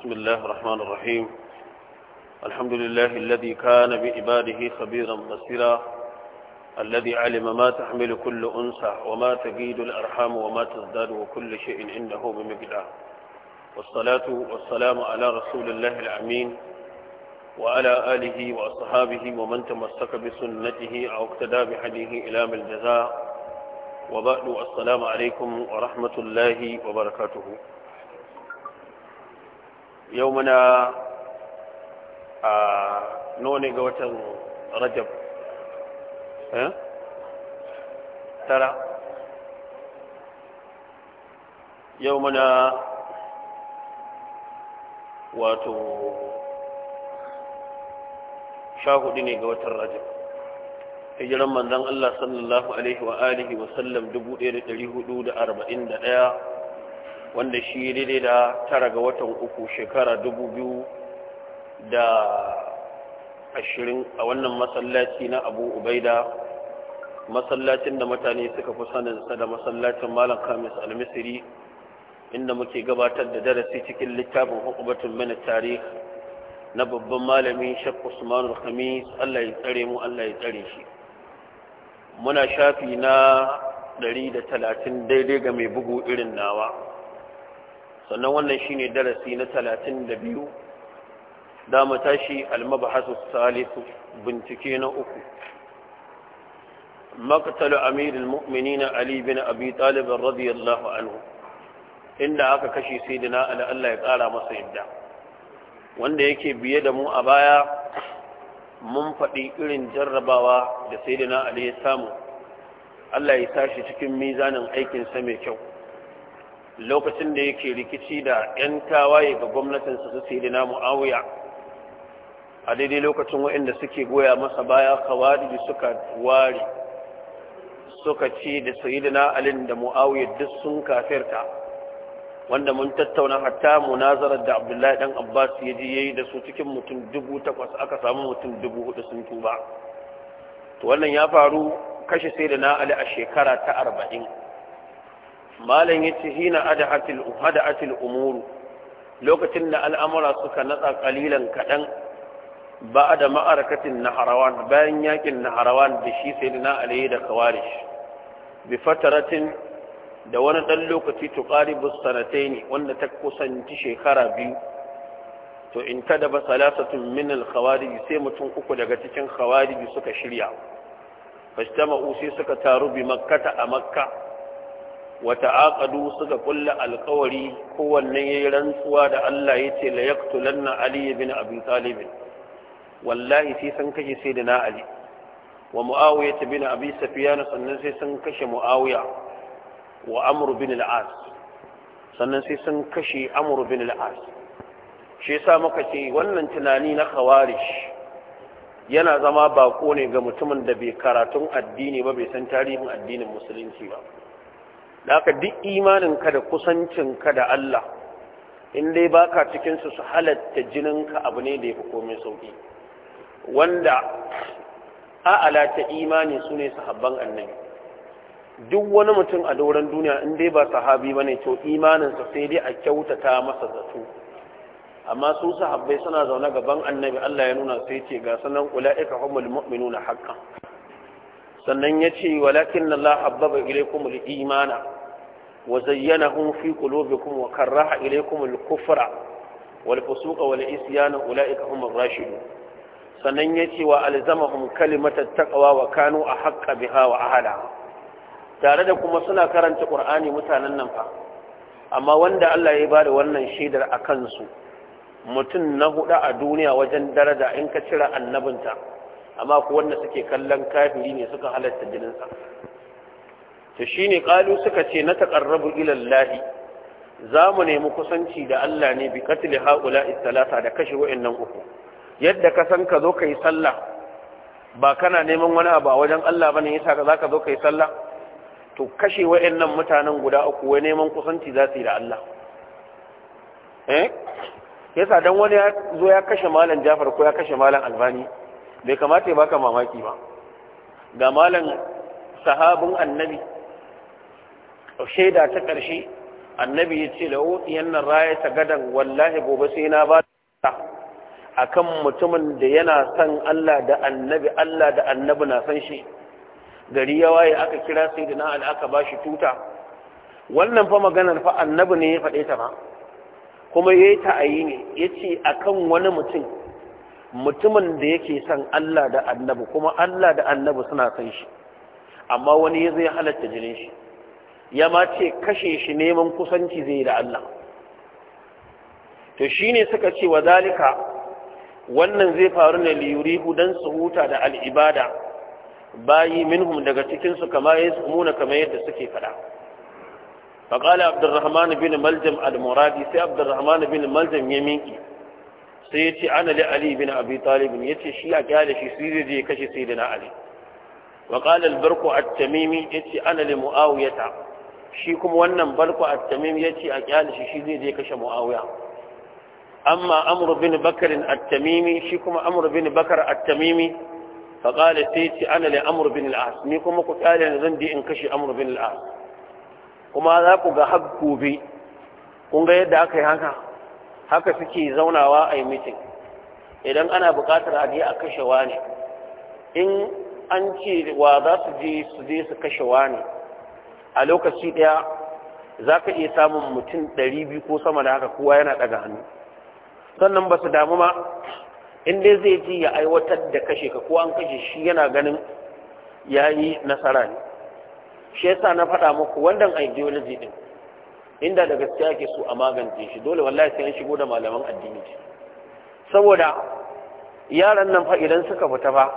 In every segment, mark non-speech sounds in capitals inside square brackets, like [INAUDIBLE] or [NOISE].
بسم الله الرحمن الرحيم الحمد لله الذي كان بإباده خبيرا بصيرا الذي علم ما تحمل كل أنثى وما تجيد الأرحام وما تزداد وكل شيء عنده بمقدار والصلاة والسلام على رسول الله العمين وعلى آله وأصحابه ومن تمسك بسنته أو اقتدى بحديه إلى الجزاء وبعد السلام عليكم ورحمة الله وبركاته yau muna a nuni ga watan rajab eh? tara yau muna wato sha hudu ne ga watan rajab hijiran manzan Allah sallallahu Alaihi wa alihi wasallam 1441 wanda shi daidai da tara ga watan uku shekara dubu biyu da ashirin a wannan masallaci na abu ubaida masallacin da mutane suka fi saninsa da masallacin malam kamis almisiri inda muke gabatar da darasi cikin littafin hukubatun mana tarih na babban malami shek usman khamis allah ya tsare mu allah ya tsare shi muna shafi na 130 daidai ga mai bugu irin nawa sannan wannan shine darasi na 32 da mu tashi al salisu bincike na uku مقتل أمير المؤمنين علي بن talibin طالب رضي الله عنه إن أكا كشي سيدنا ya tsara masa yadda. wanda yake biye da mu a baya mun faɗi irin jarrabawa da sai da na ya samu Allah ya tashi cikin mizanin aikinsa mai kyau lokacin da yake rikici da 'yan tawaye ga gwamnatin su sai da namu awuya a daidai lokacin waɗanda suke goya masa baya kawari suka ware suka ce da da na'alin da mu'awiyar duk sun kafirta wanda mun tattauna hatta munazarar da abdullahi dan abbas ya ji yayi da su cikin mutum dubu takwas aka samu mutum dubu hudu sun tuba to wannan ya faru kashe sai da na'ali a shekara ta arba'in malam ya ce hina ada'atil hada'atil umuru lokacin da al'amura suka natsa kalilan kaɗan. ba da ma'arakatin naharawan bayan yakin naharawan da shi sayyidina ali da kawarish bi fataratin da wani dan lokaci tuqaribu ne wanda ta kusanci shekara biyu to in da ba salasatun min al sai mutum uku daga cikin khawarij suka shirya fastama'u sai suka taru bi makkata a makka wata aqadu suka kulle alkawari kowanne ya yi rantsuwa da Allah ya ce la yaqtulanna Ali ya ibn Abi Talib wallahi sai sun kashe na Ali wa Muawiya ibn Abi Sufyan sannan sai sun kashe Muawiya wa Amr ibn al-As sannan sai sun kashe Amr ibn al-As shi yasa muka ce wannan tunani na khawarij yana zama bako ne ga mutumin da bai karatun addini ba bai san tarihin addinin musulunci ba da haka duk imaninka da kusancinka da Allah in dai baka cikinsu su halatta jininka abu ne da ya fi komai sauki wanda a'ala ta imani su ne sahabban annabi duk wani mutum a doron duniya in dai ba sahabi ba ne to imaninsa sai dai a kyautata masa zato amma su sahabbai suna zaune gaban annabi Allah ya nuna sai ce ga sanan ula'ika humul mu'minuna haqqan sannan ya ce walakin Allah habbaba ilaykumul imana وزينه في قلوبكم وكره إليكم الكفر والفسوق والعصيان أولئك هم الراشدون sannan ya ce wa alzamahum kalimatar taqwa wa kanu a haƙƙa biha wa ahala tare da kuma suna karanta ƙur'ani mutanen nan fa amma wanda Allah ya bada wannan shaidar a kansu mutum na huɗu a duniya wajen daraja in ka cira annabinta amma ku wanda suke kallon kafiri ne suka halatta jininsa to shine qalu suka ce na taqarrabu ila Allah za mu nemi kusanci da Allah ne bi katli haula salata da kashe wa'annan uku yadda ka san ka zo kai sallah ba kana neman wani abu a wajen Allah bane yasa ka zaka zo kai sallah to kashe wa'annan mutanen guda uku wai neman kusanci za su yi da Allah eh yasa dan wani ya zo ya kashe malam Jafar ko ya kashe malam Albani bai kamata ya baka mamaki ba ga malam sahabin annabi shaida ta ƙarshe annabi ya ce lau nan raya ta gadan wallahi gobe sai na ba ta akan mutumin da yana son Allah da annabi Allah da annabi na san shi gari ya waye aka kira sai da na aka ba shi tuta wannan fa maganar fa annabi ne ya faɗe ta ma kuma ya yi ta'ayi ne ya ce akan wani mutum mutumin da yake son Allah da annabi kuma Allah da annabi suna san shi amma wani ya zai halatta jinin shi ya ma ce kashe shi neman kusanci zai da Allah to shine suka ce wa zalika wannan zai faru ne liyurihu dan su huta da al'ibada bayi minhum daga cikinsu cikin su kama yasmuna kamar yadda suke fada فقال عبد bin Maljam Al-Muradi, sai عبد bin Maljam ya minki. sai ya ce ana ali bin abi talibin ya ce shi a da shi sai zai je kashe sai da na ali wa qala al at-tamimi ya ce ana li muawiyata shi kuma wannan barku at-tamim ce a kyale shi shi zai je kashe muawiya amma amr bin bakr at-tamimi shi kuma amr bin bakr at-tamimi fa qala sayti ana li amr bin al ni kuma ku kyale ne zan je in kashe amr bin al kuma za ku ga gobe. kun ga yadda aka yi haka haka suke zaunawa a yi mitin idan ana buƙatar a je a kashe wani in an ce wa za su je su je su kashe wani a lokaci ɗaya za ka iya samun mutum ɗari biyu ko sama da haka kowa yana ɗaga hannu sannan ba su damu ma in dai zai ji ya aiwatar da kashe ka ko an kashe shi yana ganin ya yi nasara ne shi yasa na faɗa muku wannan ideology din inda da gaskiya ke so a magance shi dole wallahi sai an shigo da malaman addini saboda yaran nan fa idan suka fita fa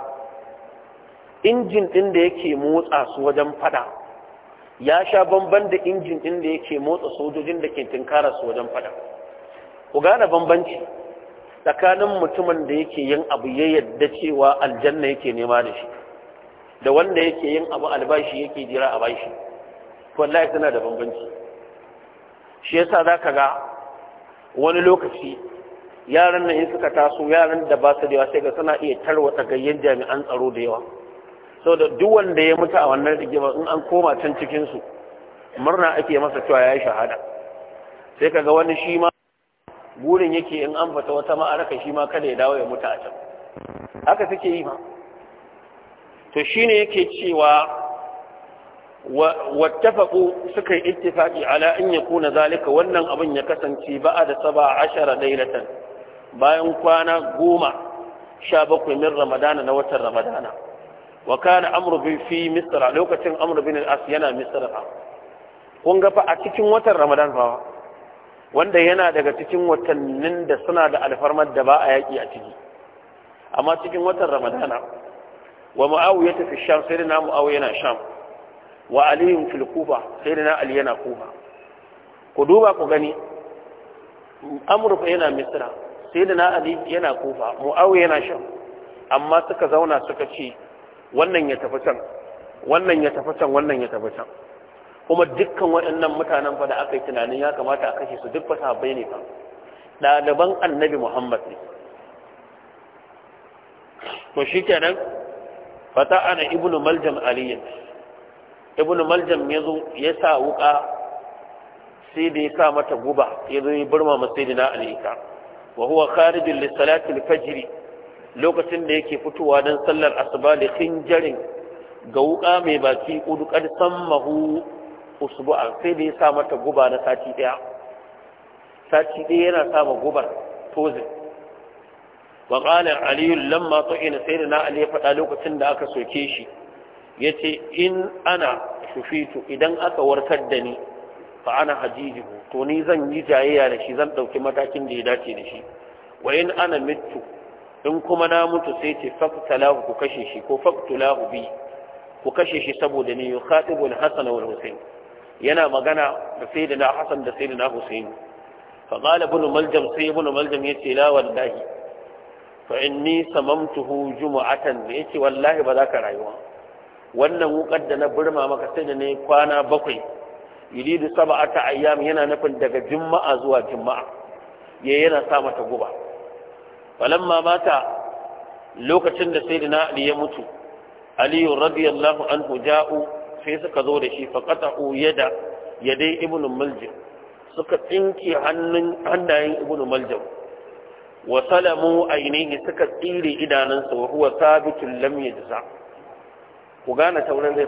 injin ɗin da yake motsa su wajen faɗa ya sha bamban da injin din da yake motsa sojojin da ke tinkara su wajen fada ku gane bambanci tsakanin mutumin da yake yin abu ya yadda cewa aljanna yake nema da shi da wanda yake yin abu albashi yake jira a bashi wallahi tana da bambanci shi yasa zaka ga wani lokaci yaran nan in suka taso yaran da ba su da yawa sai ga suna iya tarwata gayyen jami'an tsaro da yawa sau da duk wanda ya mutu a wannan rigima in an koma can cikinsu murna ake masa cewa ya yi shahada sai kaga wani shi ma burin yake in an fata wata ma'araka shi ma kada ya dawo ya mutu a can haka suke yi ma to shine yake cewa wattafaqu suka yi ittifaqi ala an yakuna zalika wannan abin ya kasance ba'a da saba ashara dailatan bayan kwana goma sha bakwai min ramadana na watan ramadana wa kana amru bin fi misra lokacin amru bin al-as yana misra kun ga fa a cikin watan ramadan fa wanda yana daga cikin watannin da suna da alfarmar da ba a yaƙi a ciki amma cikin watan ramadana wa muawiya ta fi sham sai da na muawiya yana sham wa aliyun fil kufa sai da na ali yana kufa ku duba ku gani fa yana misra sai da na ali yana kufa muawiya yana sham amma suka zauna suka ce wannan ya tafi can wannan ya tafi can wannan ya tafi can kuma dukkan waɗannan mutanen fa da aka yi tunanin ya kamata a kashe su duk fa sahabbai ne fa ɗaliban annabi muhammad ne to shi kenan fata ana ibnu maljam aliyin ibnu maljam ya zo ya sa wuƙa sai da ya sa mata guba ya zo ya burma masai da na alika wa huwa kharijin lissalati alfajiri lokacin da yake fitowa don sallar asuba da khinjarin ga wuka mai baki udukar sammahu usbu'a sai da ya sa mata guba na sati daya sati daya yana sa ma gubar tozin wa qala ali lamma tu'ina sayyidina ali ya faɗa lokacin da aka soke shi yace in ana shufitu idan aka warkar da ni fa ana hajiji to ni zan yi jayayya da shi zan dauki matakin da ya dace da shi wa in ana mitu in kuma na mutu sai ce faktalahu ku kashe shi ko faktulahu bi ku kashe shi saboda ne yukhatibu al-hasan wal husayn yana magana da sayyidina hasan da sayyidina husayn fa qala ibn maljam sai ibn maljam yace la wallahi fa inni samamtuhu jumu'atan yace wallahi ba za ka rayuwa wannan wukar da na burma maka sai ne kwana bakwai yuridu sab'ata ayyam yana nufin daga juma'a zuwa juma'a ya yana sa mata guba falamma mata lokacin da sayyidina ali ya mutu ali radiyallahu anhu ja'u sai suka zo da shi faqata'u yada yada ibnu maljam suka tsinke hannun hannayen ibnu maljam wa salamu ainihi suka tsire idanunsa wa huwa sabitun lam yajza ku gane taurin zai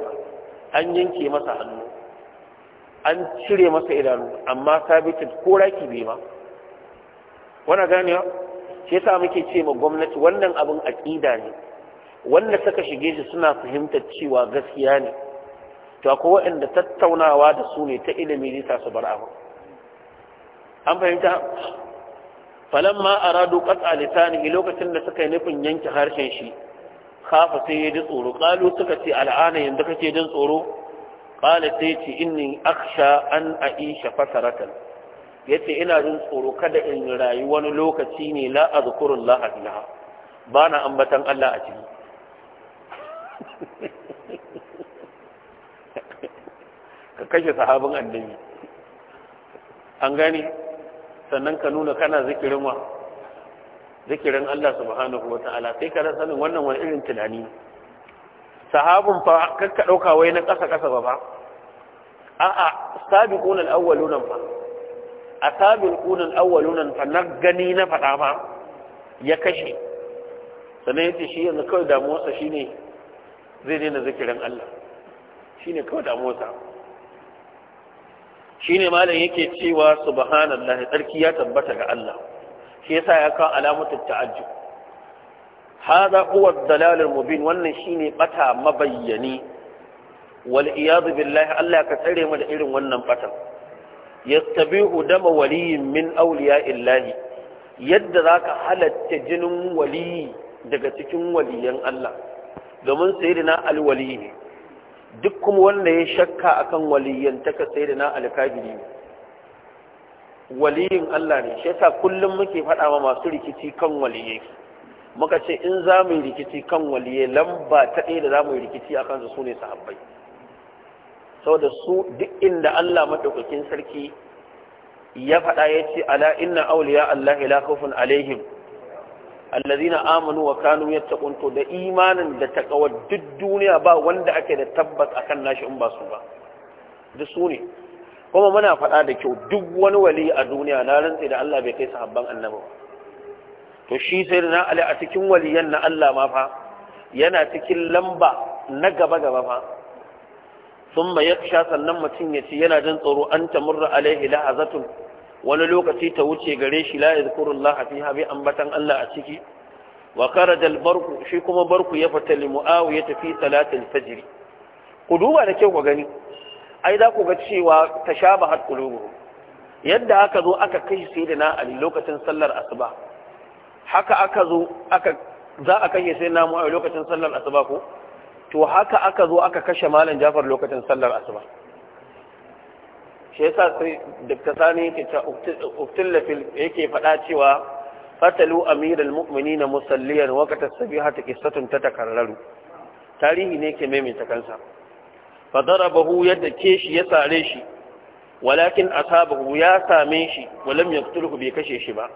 an yanke masa hannu an cire masa idanu amma sabitin ko raki bai ma wana ganewa shi yasa muke ce ma gwamnati wannan abin aƙida ne wanda suka shige shi suna fahimtar cewa gaskiya ne to akwai waɗanda tattaunawa da su ne ta ilimi ne sa su bar abu an fahimta falamma aradu qat'a lisanihi lokacin da suka yi nufin yanke harshen shi kafa sai ya ji tsoro qalu suka ce al'ana yanzu kake jin tsoro qala sai ce inni akhsha an aisha fasaratan yace ina jin tsoro kada in rayu wani lokaci ne la azkurullah fiha bana ambatan Allah a ciki [LAUGHS] ka kashe sahabin annabi an gane sannan ka nuna kana zikirin wa zikirin Allah subhanahu wa ta'ala sai ka sanin wannan wani irin tunani sahabin fa kakka dauka wai na kasa kasa ba ba a'a sabiqun al-awwaluna fa A asabin kunan awwalunan fa na gani na faɗa ma ya kashe sannan yace shi yanzu kawai damuwarsa shine zai daina zikirin Allah shine kawai damuwarsa ne malam yake cewa subhanallah tsarki ya tabbata ga Allah shi yasa ya kawo alamatu ta'ajjub hada huwa ad-dalal al-mubin wannan shine bata mabayyani wal iyad billah Allah ka tsare mu da irin wannan batan yastabihu dama waliyin min awliya illahi yadda zaka halatta jinin waliyi daga cikin waliyan Allah domin sayyidina alwali ne duk kuma wanda ya shakka akan waliyan taka sayyidina alkabiri ne waliyin Allah ne shi yasa kullum muke faɗa ma masu rikici kan waliyai muka ce in za mu yi rikici kan waliyai lamba ta ɗaya da za mu yi rikici akan su ne sahabbai saboda su duk inda Allah maɗaukakin sarki ya faɗa ya ce ala inna auliya Allah la khawfun alaihim allazina amanu wa kanu yattaqun to da imanin da takawa duk duniya ba wanda ake da tabbas akan nashi in ba su ba duk su ne kuma muna faɗa da kyau duk wani wali a duniya na rantsi da Allah bai kai sahabban annabi ba to shi sai na ali a cikin waliyan na Allah ma fa yana cikin lamba na gaba gaba fa sun ma sannan mutum ya ce yana jin tsoro an ta murra alaihi lahazatun wani lokaci ta wuce gare shi la yadhkurullah fi habi ambatan Allah a ciki wa kharaja barku shi kuma barku ya fita li muawiya fi salatil fajr ku duba da kyau ku gani ai za ku ga cewa tashabahat qulubuhum yadda aka zo aka kai sai da na ali lokacin sallar asuba haka aka zo aka za a kai sai na muawiya lokacin sallar asuba ko to haka aka zo aka kashe malam jafar lokacin sallar asuba shi yasa sai dukkan sani yake ta uktillafil yake faɗa cewa fatalu amiral mu'minina musalliyan waqta sabihati qissatun tatakarraru tarihi ne ke maimaita kansa fa darabahu yadda ke shi ya sare shi walakin asabahu ya same shi walam yaqtuluhu bai kashe shi ba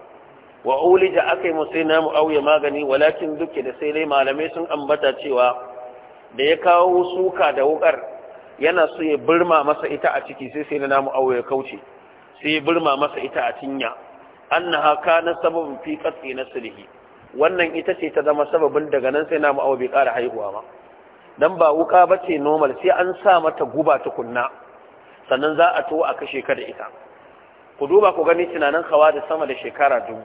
wa ulija akai mu auya magani walakin duke da sai dai malamai sun ambata cewa da ya kawo suka da wukar yana so ya birma masa ita a ciki sai sai na namu awo ya kauce sai ya birma masa ita a cinya annaha kana sababin fi qatli sulhi? wannan ita ce ta zama sababin daga nan sai namu awo bai ƙara haihuwa ba dan ba wuka ba ce normal sai an sa mata guba tukunna sannan za a to a kashe ka da ita ku duba ku gani tunanin hawa da sama da shekara dubu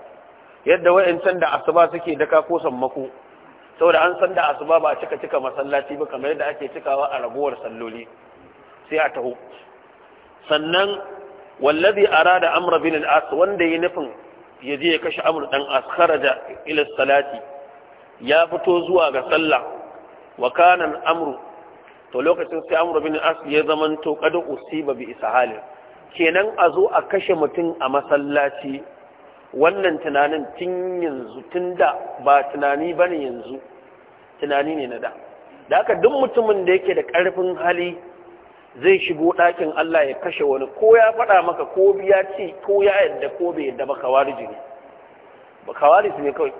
yadda wa'ancan da asuba suke daka ko sammako saboda an san da asuba ba a cika cika masallaci ba kamar yadda ake cikawa a ragowar salloli sai a taho sannan wallazi arada amra bin al-as wanda yi nufin ya je ya kashe amr dan as kharaja ila salati ya fito zuwa ga sallah wa kana amru to lokacin sai amr bin al-as ya zamanto kad usiba bi ishalin kenan a zo a kashe mutum a masallaci wannan tunanin tun yanzu tun da ba tunani ba ne yanzu tunani ne na da da haka duk mutumin da yake da ƙarfin hali zai shigo ɗakin Allah ya kashe wani ko ya faɗa maka ko biya ce ko ya yadda ko bai yadda ba kawariji ne ba kawariji ne kawai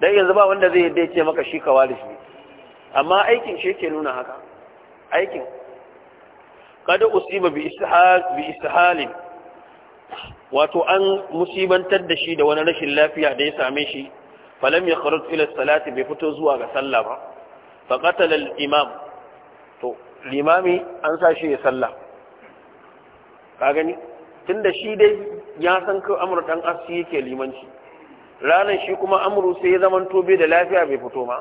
dan yanzu ba wanda zai yadda ya ce maka shi kawariji ne amma aikin shi yake nuna haka aikin kada usiba bi istihal bi istihalin wato an musibantar da shi da wani rashin lafiya da ya same shi falam ya kharuj ila salati bai fito zuwa ga sallah ba fa qatala al imam to limami an sa shi ya sallah ka gani tunda shi dai ya san ko amru dan asiri yake limanci ranar shi kuma amru sai ya zaman tobe da lafiya bai fito ma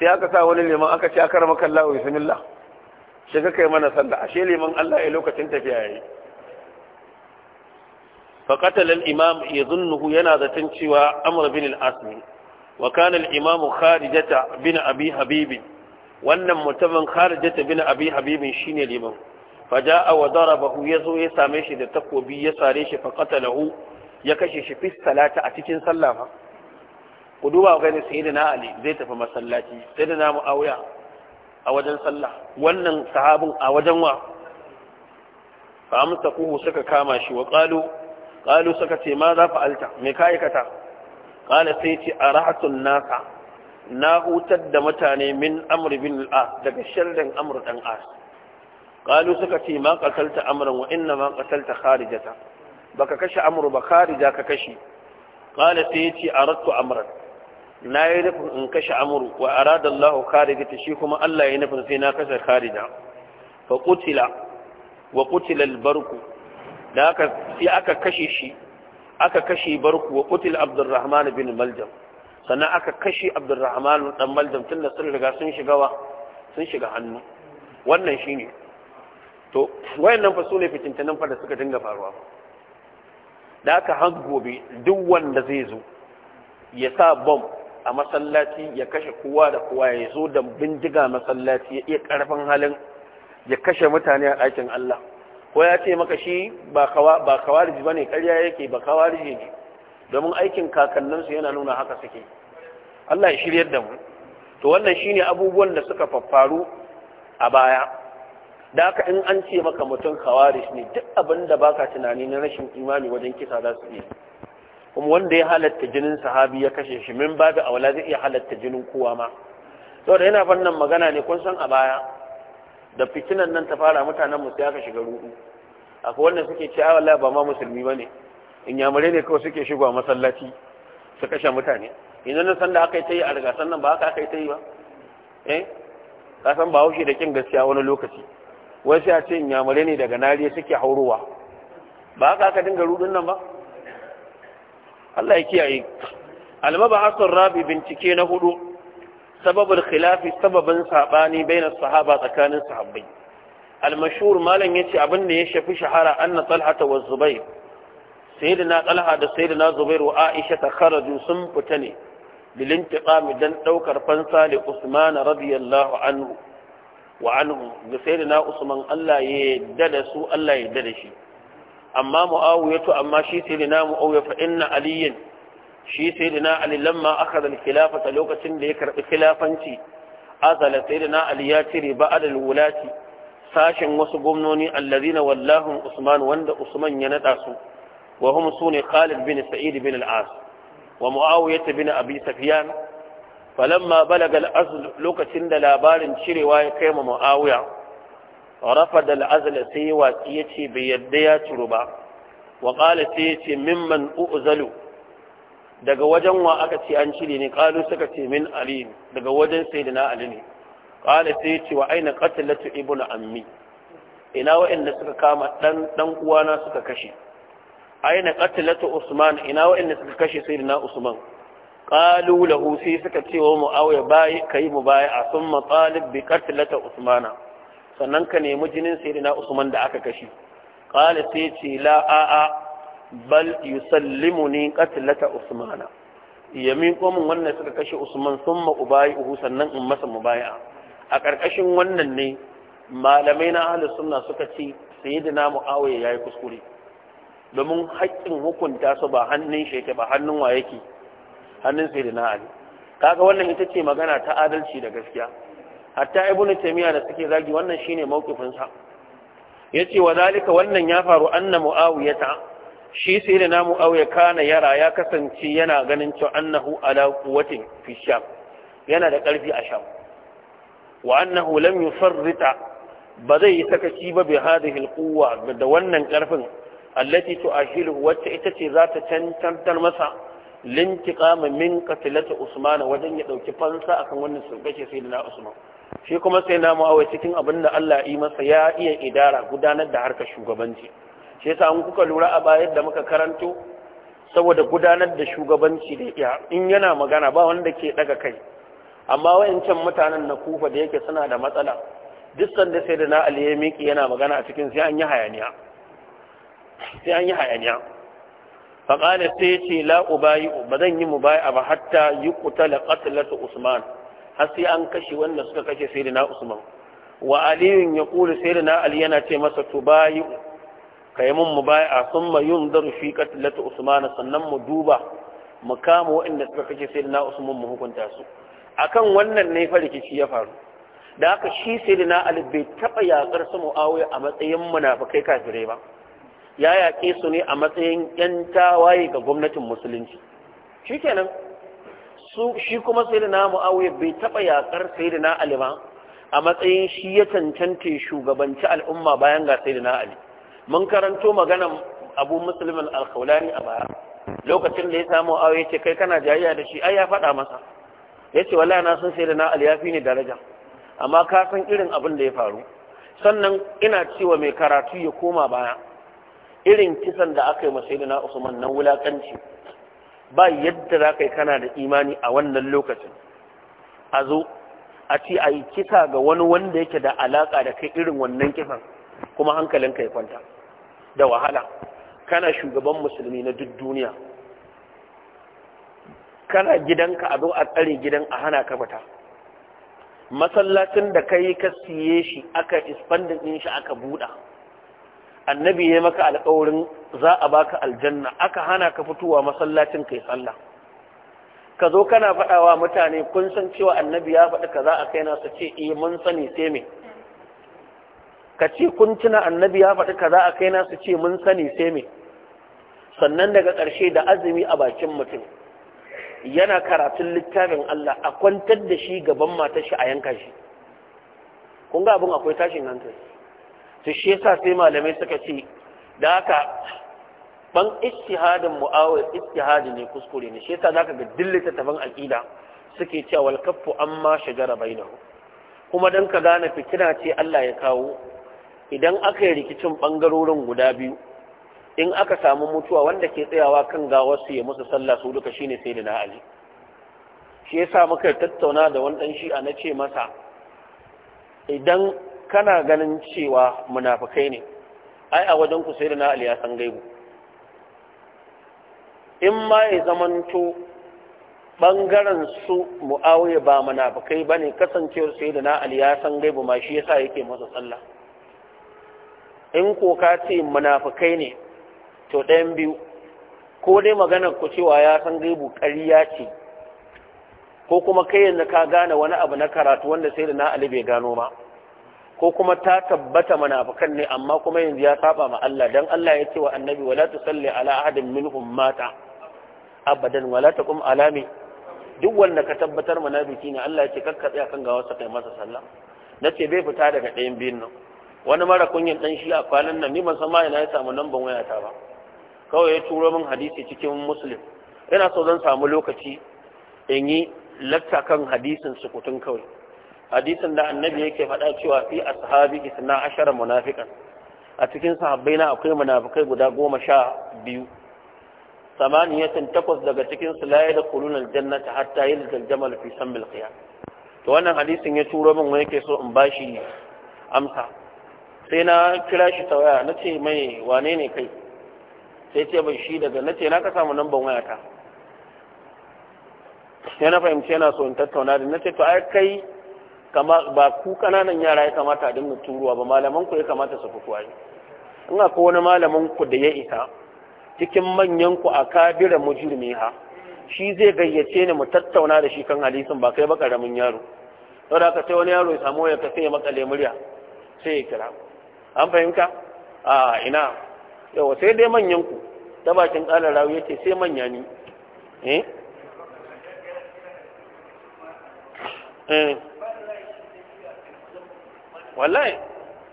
sai aka sa wani liman aka ce aka rama kallahu bismillah shi kai mana sallah ashe liman Allah ya lokacin tafiya yayi فقتل الإمام يظنه ينادة شوى أمر بن الأسم وكان الإمام خارجة بن أبي حبيب وأن متمن خارجة بن أبي حبيب شين الإمام فجاء وضربه يزو يساميش لتقوى بي يساريش فقتله يكشش في الصلاة أتكين صلاها قدوا وغير سيدنا علي زيت فما صلاتي سيدنا معاوية أوجن صلى وأن صحاب أوجن وعب فأمسكوه سكا كاماشي وقالوا qalu suka za fa'alta me ka aikata qala sai ce arahatun nasa na hutar da mutane min amr bin al daga sharrin amr dan as qalu suka ce ma qatalta amran wa inna ma qatalta kharijata baka kashe amru ba ka kashe qala sai ce aradtu amran na yi nufin in kashe shi kuma Allah ya nufin sai na kashe wa qutila barku da aka sai aka kashe shi aka kashe barku wa qutil abdurrahman bin maljam sannan aka kashe abdurrahman dan maljam tunda sun riga sun shiga wa sun shiga hannu wannan shine to wayannan fa sune fitintanan fa da suka dinga faruwa da aka har gobe duk wanda zai zo ya sa bom a masallaci ya kashe kowa da kowa ya zo da bindiga masallaci ya iya karfin halin ya kashe mutane a ɗakin Allah ko ya ce maka shi ba kawariji ba ne karya yake ba kawariji ne domin aikin kakanninsu yana nuna haka suke Allah ya shiryar da mu to wannan shi ne abubuwan da suka faffaru a baya da haka in an ce maka mutum kawarij ne duk abin da baka tunani na rashin imani wajen kisa za su yi kuma wanda ya halatta jinin sahabi ya kashe shi min babu a wala zai iya halatta jinin kowa ma saboda yana fannin magana ne kun san a baya da fitinan nan ta fara mutanen musu ka shiga ruɗu? akwai wannan suke ce a wallahi ba ma musulmi bane inyamare ne kawai suke shigo masallaci su kashe mutane idan nan san da aka yi ta yi a rigasan nan ba haka aka yi ta yi ba eh ka san ba haushe da kin gaskiya wani lokaci wai sai a ce inyamare ne daga nariya suke haurowa ba haka aka dinga ruɗun nan ba Allah ya kiyaye al-mabahasur rabi bincike na hudu sababin khilafi sababin sabani bainas sahaba tsakanin sahabbai al-mashhur malam yace abin da ya shafi shahara anna talhata wa zubair sayyidina talha da sayyidina zubair wa aisha ta kharaju sun fita ne lilintiqam dan daukar fansa li usman radiyallahu anhu wa anhu da sayyidina usman Allah ya yadda da su Allah ya yadda shi amma muawiya to amma shi sayyidina muawiya fa inna aliyin shi sayyidina ali lamma akhadha al-khilafata lokacin da ya karbi khilafanci azala na ali ya cire ba'd al-wulati Sashen wasu gwamnoni allazina wallahu usman wanda usman ya nada su wa hum ne khalid bin sa'id bin al-as wa muawiyah bin abi sufyan falamma balaga al-azl lokacin da labarin cirewa ya kai ma muawiya rafada da azl sai wasi yace bai yadda ya ciro ba wa sai yace mimman u'zalu daga wajen wa aka ce an cire ne kalu suka ce min ali daga wajen sayyidina ali ne qala sai ce wa aina qatlatu ibnu ammi ina wa'anda suka kama dan dan uwana suka kashe aina qatlatu usman ina wa'anda suka kashe sayyidina usman qalu lahu sai suka ce wa muawiya bai kai mu bai a summa talib bi qatlatu usmana sannan ka nemi jinin sayyidina usman da aka kashe qala sai ce la a a bal yusallimuni qatlata usmana ya ko mun wannan suka kashe usman summa uhu sannan in masa mubaya a karkashin wannan ne malamai na ahli sunna suka ce sayyidina muawiya yayi kuskure domin haƙƙin hukunta su ba hannun shi yake ba hannun wa yake hannun sayyidina ali kaga wannan ita ce magana ta adalci da gaskiya hatta ibnu taymiya da suke zagi wannan shine mawqifin sa yace wa zalika wannan ya faru anna muawiyata shi sai da namu auya kana yara ya kasance yana ganin cewa annahu ala quwwatin fi sham yana da ƙarfi a sham wa annahu lam yufarrita ba zai yi sakaci ba bi hadhihi alquwwa da wannan ƙarfin allati tu'ashilu wacce ita ce za ta cancantar masa lintiqama min qatlati usman wajen ya dauki fansa akan wannan surgace sai da usman shi kuma sai na mu'awai cikin abinda Allah ya yi masa ya iya idara gudanar da harkar shugabanci shi yasa an kuka lura a bayan da muka karanto saboda gudanar da shugabanci da iya in yana magana ba wanda ke daga kai amma wayancan mutanen na kufa da yake suna da matsala duk sanda sai da na ali miki yana magana a cikin sai an yi hayaniya sai an yi hayaniya faƙala sai ce la ubayi ba zan yi mubayi ba hatta yi qatlatu usman har sai an kashe wanda suka kashe sayyidina usman wa Aliyu ya kula sayyidina ali yana ce masa tubayi kai mun mubai'a thumma yunzaru fi qatlati usman sannan mu duba mu kama waɗanda suka kace da usman mu hukunta su akan wannan ne fa rikici ya faru da haka shi sai da ali bai taba yaƙar su muawiya a matsayin munafikai kafirai ba ya yaƙe su ne a matsayin yan tawaye ga gwamnatin musulunci shikenan su shi kuma sai mu muawiya bai taba yakar sayyidina ali ba a matsayin shi ya cancanta shugabanci al'umma bayan ga sai da ali mun karanto maganan abu musulmin alkaulani a baya lokacin da ya samu awo ya ce kai kana jayayya da shi ai ya faɗa masa ya ce wala na sun sai da na alyafi ne daraja amma ka san irin abin da ya faru sannan ina cewa mai karatu ya koma baya irin kisan da aka yi masai da na usman nan wulakanci ba yadda za ka kana da imani a wannan lokacin a zo a ce a yi kisa ga wani wanda yake da alaka da kai irin wannan kisan kuma hankalinka ya kwanta da wahala kana shugaban musulmi na duk duniya kana gidanka a zo a tsare gidan a hana ka fita masallacin da ka ka siye shi aka isfandin ɗin shi aka buɗa annabi ya maka alƙawarin za a baka aljanna aka hana ka fitowa masallacin kai sallah ka zo kana faɗawa mutane kun san cewa annabi ya faɗi kaza a kai na su ce eh mun sani sai me ka ce kun tuna annabi ya faɗi kaza a kaina su ce mun sani sai me sannan daga ƙarshe da azumi a bakin mutum yana karatun littafin Allah a kwantar da shi gaban matar shi a yanka shi kun ga abin akwai tashin hankali to shi yasa sai malamai suka ce da haka ban ijtihadin mu'awil ijtihadi ne kuskure ne shi yasa zaka ga ta taban aqida suke cewa wal kaffu amma shajara bainahu kuma dan ka gane fitina ce Allah ya kawo idan aka yi rikicin bangarorin guda biyu in aka samu mutuwa wanda ke tsayawa kan gawarsu ya musu sallah su duka shine sai da ali shi ya sa muka tattauna da wani ɗan shi'a na ce masa idan kana ganin cewa munafukai ne ai a wajen ku sai da ali ya san gaibu in ma ya zamanto ɓangaren su mu'awiya ba munafukai ba ne, kasancewar sai da ali ya san gaibu ma shi ya sa yake masa sallah in ko ka ce munafukai ne to ɗayan biyu ko dai maganar ku cewa ya san gaibu ƙarya ce ko kuma kai yanzu ka gane wani abu na karatu wanda sai da na Ali bai gano ba ko kuma ta tabbata munafikan ne amma kuma yanzu ya saba ma Allah dan Allah ya ce wa annabi wala tusalli ala ahadin minhum mata abadan wala taqum alami duk wanda ka tabbatar munafiki ne Allah ya ce kakkatsa tsaya kan ga wasu kai masa sallah nace bai fita daga ɗayan biyun nan wani mara kunyan dan shi a kwanan nan ni ban san ma ina ya samu lambar wayata ba kawai ya turo min hadisi cikin muslim Ina so zan samu lokaci in yi latta kan hadisin sukutun kawai hadisin da annabi yake faɗa cewa fi ashabi isna ashara munafiqan a cikin sahabbai na akwai munafikai guda goma sha biyu samaniyatan takwas daga cikin su la jannata ta hatta yin aljamal fi sammil qiyam to wannan hadisin ya turo min wani yake so in bashi amsa sai na kira shi ta waya na ce mai wane ne kai sai ce mai shi daga na ce na ka samu waya wayata sai na fahimci yana so in tattauna da na ce to ai kai kama ba ku kananan yara ya kamata a dinga turuwa ba malaman ku ya kamata su fito ai in akwai wani malamin ku da ya isa cikin manyan ku a kabira mujirmi ha shi zai gayyace ni mu tattauna da shi kan hadisin ba kai ba karamin yaro saboda haka sai wani yaro ya samu ya kace ya makale murya sai ya kira an fahimta a ina yawa sai dai manyan ku ta bakin ƙala rawu ce sai manya ni eh eh wallahi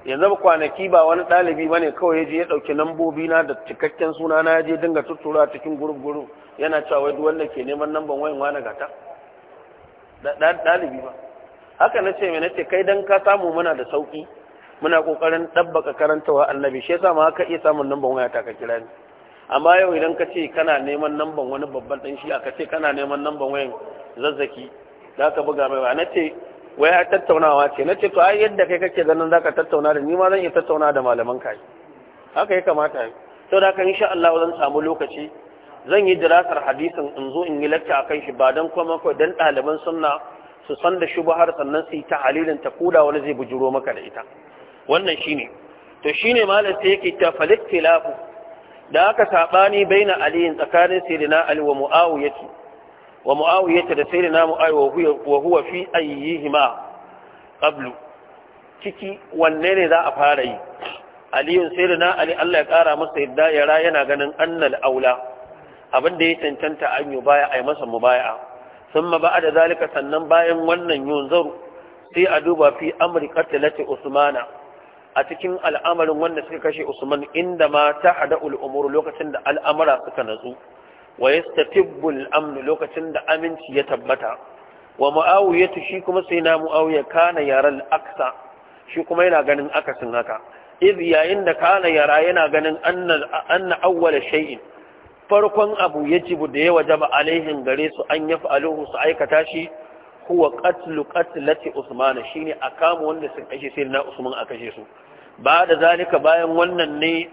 yanzu kwanaki ba wani ɗalibi ba ne kawai je ya ɗauki lambobi na da cikakken suna na je dinga tuttura cikin gurup yana cewa wai duwanda ke neman lamban wayan wani gata ɗalibi ba haka na ce mai nace kai dan ka samu muna da sauki muna kokarin dabbaka karantawa annabi shi yasa ma haka iya samun namban waya ta ka kira ni amma yau idan ka ce kana neman namban wani babban dan shi aka ce kana neman namban wayan zazzaki za ka buga mai ba na ce waya tattaunawa ce na ce to ai yadda kai kake ganin za ka tattauna da ni ma zan iya tattauna da malaman kai haka ya kamata sau da kan insha Allah zan samu lokaci zan yi dirasar hadisin in zo in yi lacca akan shi ba dan kuma ko dan ɗaliban sunna su san da shubahar sannan su yi ta halilin ta koda wani zai bujuro maka da ita wannan ne. to shine malam sai yake ta falittilafu da aka sabani baina aliyin tsakanin sayyidina ali wa muawiyati wa muawiyati da sayyidina muawiya wa huwa fi ayyihima qablu ciki wanne ne za a fara yi aliyun sayyidina ali Allah ya kara masa yadda ya ra yana ganin annal aula abin da ya cancanta an yi baya ai masa mubaya'a thumma da zalika sannan bayan wannan yunzaru sai a duba fi amri qatlati usmana a cikin al'amarin wanda suka kashe Usman inda ma ta hada umur lokacin da al'amara suka natsu wa ya statibbul amn lokacin da aminci ya tabbata wa muawiyatu shi kuma sai na muawiya kana yara aksa shi kuma yana ganin akasin haka iz yayin da kana yara yana ganin anna awwala shay'in farkon abu yajibu da ya wajaba alaihin gare su an yaf'aluhu su aikata shi huwa qatlu qatlati usman shine a kama wanda suka kashe sai na usman a kashe su ba da zalika bayan wannan ne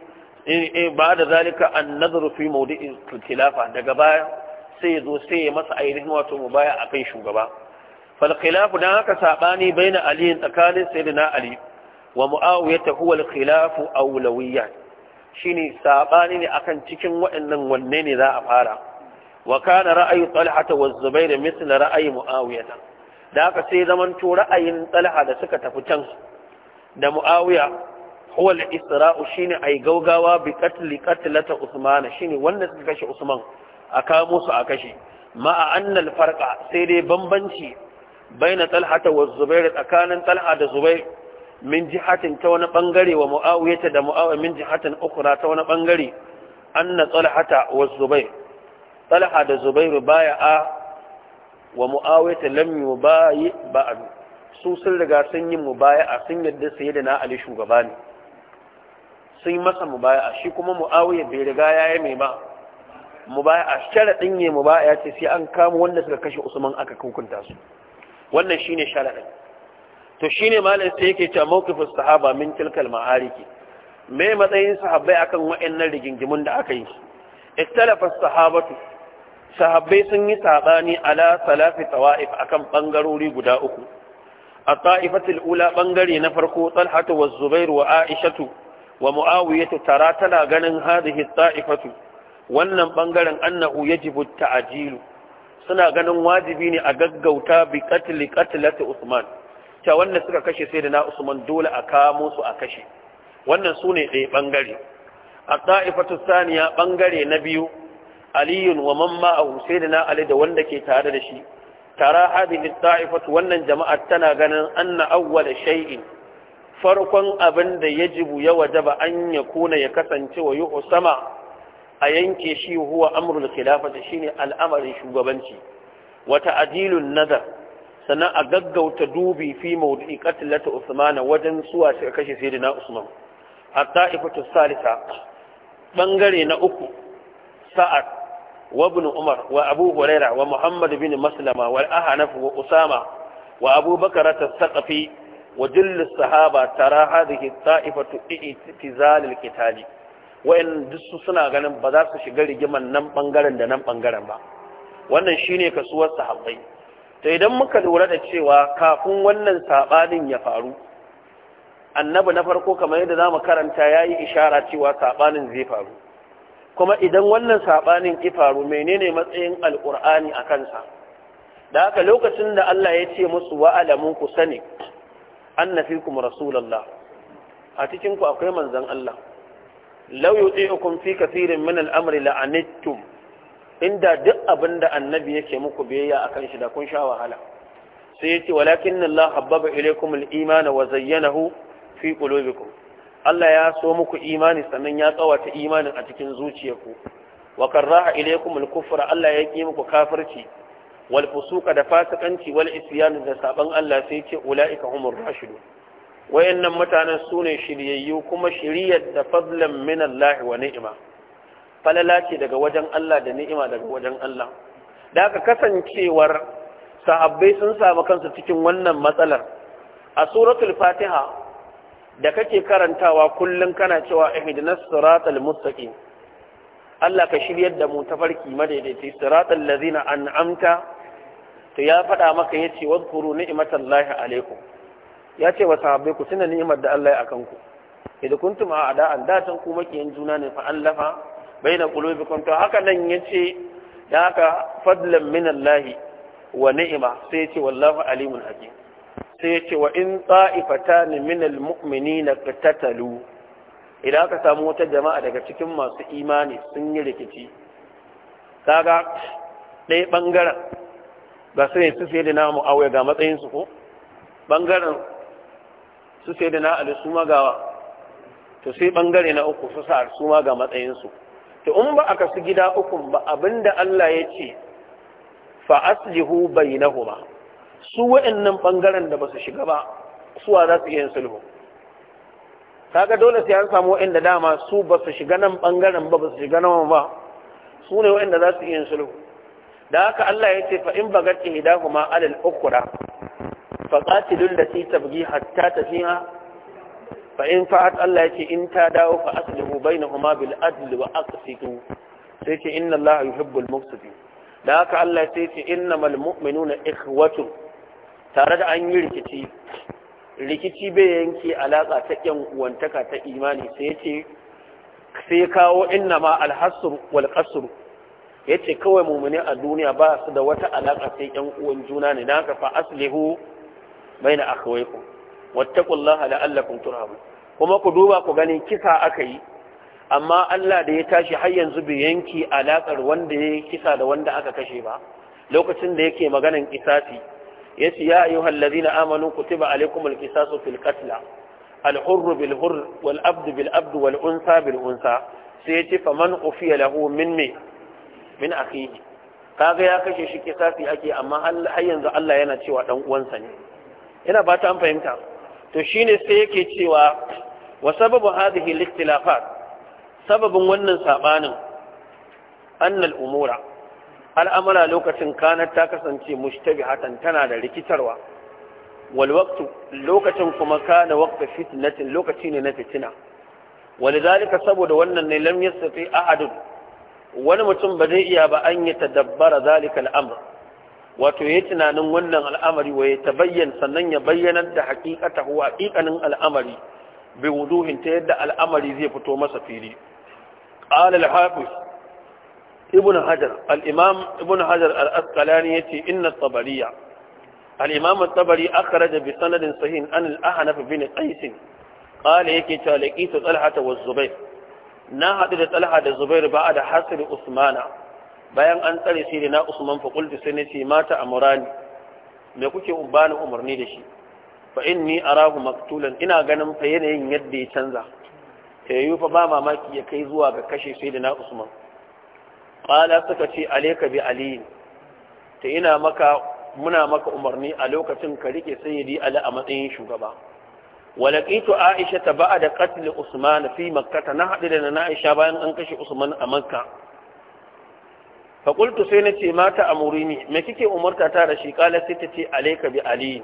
eh, eh, ba da zalika an nazaru fi khilafa daga baya sai zo sai ya masa ainihin wato baya akan shugaba fal khilafu dan haka sabani baina ali tsakanin sayyidina ali wa muawiyah huwa al khilafu awlawiyyan shine sabani ne akan cikin waɗannan wanne ne za a fara wa kana ra'ayu talhata wa zubair misl ra'ayi muawiyata da haka sai zaman to ra'ayin talha da suka tafi can da muawiya huwa al-isra'u shine ay gaugawa bi qatli qatlata usman shine wanda suka kashe usman a kamo su a kashe ma'a anna al-farqa sai dai bambanci baina talhata wa zubair tsakanin talha da zubair min jihatin ta wani bangare wa muawiyata da muawiya min jihatin ukhra ta wani bangare anna talhata wa zubair talha da zubairu baya a wa mu'awiyata lam yubayi ba'd su sun riga sun yi mubaya'a sun yadda na ali shugaba ne sun yi masa mubaya'a shi kuma mu'awiya bai riga ya yi mai ba mubaya'a sharadin yi mubaya'a ce sai an kama wanda suka kashe usman aka hukunta su wannan shine sharadin to shine malam sai yake cewa mawqifus sahaba min tilkal ma'ariki me matsayin sahabbai akan wa'annan rigingimun da aka yi iktalafa sahabatu sahabbai sun yi saɓani ala salafi tawa'if akan ɓangarori guda uku a ta'ifatul ula ɓangare na farko talhatu wa zubairu wa aishatu wa mu'awiyatu tara tana ganin hadhihi ta'ifatu wannan ɓangaren annahu yajibu ta'jilu suna ganin wajibi ne a gaggauta bi qatli qatlati usman ta wanda suka kashe sai da na usman dole a kamo su a kashe wannan sune ɗaya ɓangare a ta'ifatu saniya ɓangare na biyu aliyun wa mamma a husainina ali da wanda ke tare da shi tara hadhihi ta'ifatu wannan jama'ar tana ganin anna awwala shay'in farkon abin da yajibu ya wajaba an ya kuna ya kasance wa yi usama a yanke shi huwa amrul khilafati shine al'amarin shugabanci wa ta'dilun nazar sannan a gaggauta dubi fi mawdu'i qatlati usmana wajen suwa shi kashe sayyidina usman at-ta'ifatu salisa bangare na uku sa'ad وابن عمر وابو هريره ومحمد بن مسلمة والاهنف واسامه وابو بكر الثقفي وجل الصحابه ترى هذه الطائفة اعتزال القتال وإن دسو ba za su شغل جمع nan بانغرن da nan بانغرن با wannan shine kasuwar sahabbai to idan muka lura da cewa kafin wannan sabanin ya faru annabi na farko kamar yadda zamu karanta yayi ishara cewa sabanin zai faru kuma idan wannan saɓanin ifaru menene matsayin alqur'ani a kansa da haka lokacin da Allah ya ce musu wa alamun ku sani anna fikum rasulullah a cikin ku akwai manzan Allah law yuti'ukum fi kathirin min al la'anittum inda duk abinda annabi yake muku biyayya kan shi da kun sha wahala sai yace walakin Allah habbaba ilaykum al-imana wa zayyanahu fi qulubikum Allah ya so muku imani sannan ya tsawata imanin a cikin zuciyarku wa karraha ilaykum al-kufr Allah ya ki muku kafirci wal fusuqa da fasikanci wal isyan da saban Allah sai ce ulaika humur rashidun wayannan mutanen sune shiryayyu kuma shiriyar da fadlan min Allah wa ni'ima falala ce daga wajen Allah da ni'ima daga wajen Allah da aka kasancewar sahabbai sun samu kansu cikin wannan matsalar a suratul fatiha da kake karantawa kullum kana cewa ihdinas siratal mustaqim Allah ka shiryar da mu tafarki madaidaiti siratal ladzina an'amta to ya faɗa maka yace wadhkuru ni'matallahi alaikum ya ce wa sahabbai ku tuna ni'imar da Allah ya akan ku idan kuntum a da tan ku makiyan juna ne fa allafa baina qulubikum to haka nan yace da haka fadlan minallahi wa ni'ima sai yace wallahu alimun hakim sai ya ce wa in ta'ifata ni minal mu'mini na katatalu idan aka samu wata jama'a daga cikin masu imani sun yi rikici kaga ɗaya ɓangaren ga su ne su sai da na mu'awai ga matsayinsu ko ɓangaren su sai da na alisu magawa to sai ɓangare na uku su sa su ma ga matsayinsu to in ba aka su gida ukun ba abinda Allah ya ce fa aslihu bainahuma su wa'annan ɓangaren da ba su shiga ba suwa za su iya yin sulhu kaga dole sai an samu wa'anda dama su ba su shiga nan ɓangaren ba ba su shiga nan ba su ne wa'anda za su iya yin sulhu da haka Allah ya ce fa in bagat ihdahuma alal ukhra fa qatilul lati tabghi hatta tafiha fa'in fa'ad Allah ce in ta dawo fa aslihu bainahuma bil adl wa aqsitu sai ce inna Allah yuhibbul muqsitin da haka Allah sai ce innamal mu'minuna ikhwatu tare da an yi rikici rikici bai yanke alaƙa ta yan uwantaka ta imani sai ce sai kawo inna ma alhassur wal qasr yace kawai mumune a duniya ba su da wata alaƙa ta yan uwan juna ne dan haka fa aslihu baina akhawaykum wattaqullaha la'allakum turhamun kuma ku duba ku gani kisa aka yi amma Allah da ya tashi har yanzu bai yanke alaƙar wanda ya kisa da wanda aka kashe ba lokacin da yake maganan kisasi yace ya ayyuhal ladina amanu kutiba alaykumul qisasu fil qatl al hurr bil hurr wal abd bil abd wal unsa bil unsa sai yace faman ufiya lahu min min akhihi kaga ya kashe shi kisasi ake amma har yanzu Allah yana cewa dan uwansa ne ina ba ta an fahimta to shine sai yake cewa wa sababu hadhihi al sababin wannan sabanin annal umura al'amala lokacin kanar ta kasance mushtabihatan tana da rikitarwa wal waqtu lokacin kuma kana waqtu fitnatin lokaci ne na fitina zalika saboda wannan ne lam yastati ahadun wani mutum ba zai iya ba an yi tadabbara zalika al'amr wato yayi tunanin wannan al'amari wa ya tabayyan sannan ya bayyanar da haqiqatahu haqiqanin al'amari bi wuduhin ta yadda al'amari zai fito masa fili qala al-hafiz ibn hajar al-imam ibn hajar al-asqalani yace inna tabariya al-imam at-tabari akhraja bi sanadin sahih an al-ahnaf bin qais qala yake cewa tsalha ta wasu zubayr na haɗu da tsalha da zubair ba da hasiri usmana bayan an tsare shi na usman fa qultu sai nace mata amurani me kuke bani umarni da shi fa a arahu maktulan ina ganin fa yanayin yadda ya canza ta yi fa ba mamaki ya kai zuwa ga kashe sai da na usman ƙala suka ce alaika bi aliyin ta ina maka muna maka umarni a lokacin ka rike sayyidi ali a matsayin shugaba walaƙitu aisha ta ba'a da katli usman fi makkata na haɗu da na aisha bayan an kashe usman a makka faƙultu sai na ce mata amurini me kike umarta ta da shi ƙala sai ta ce alaika bi aliyin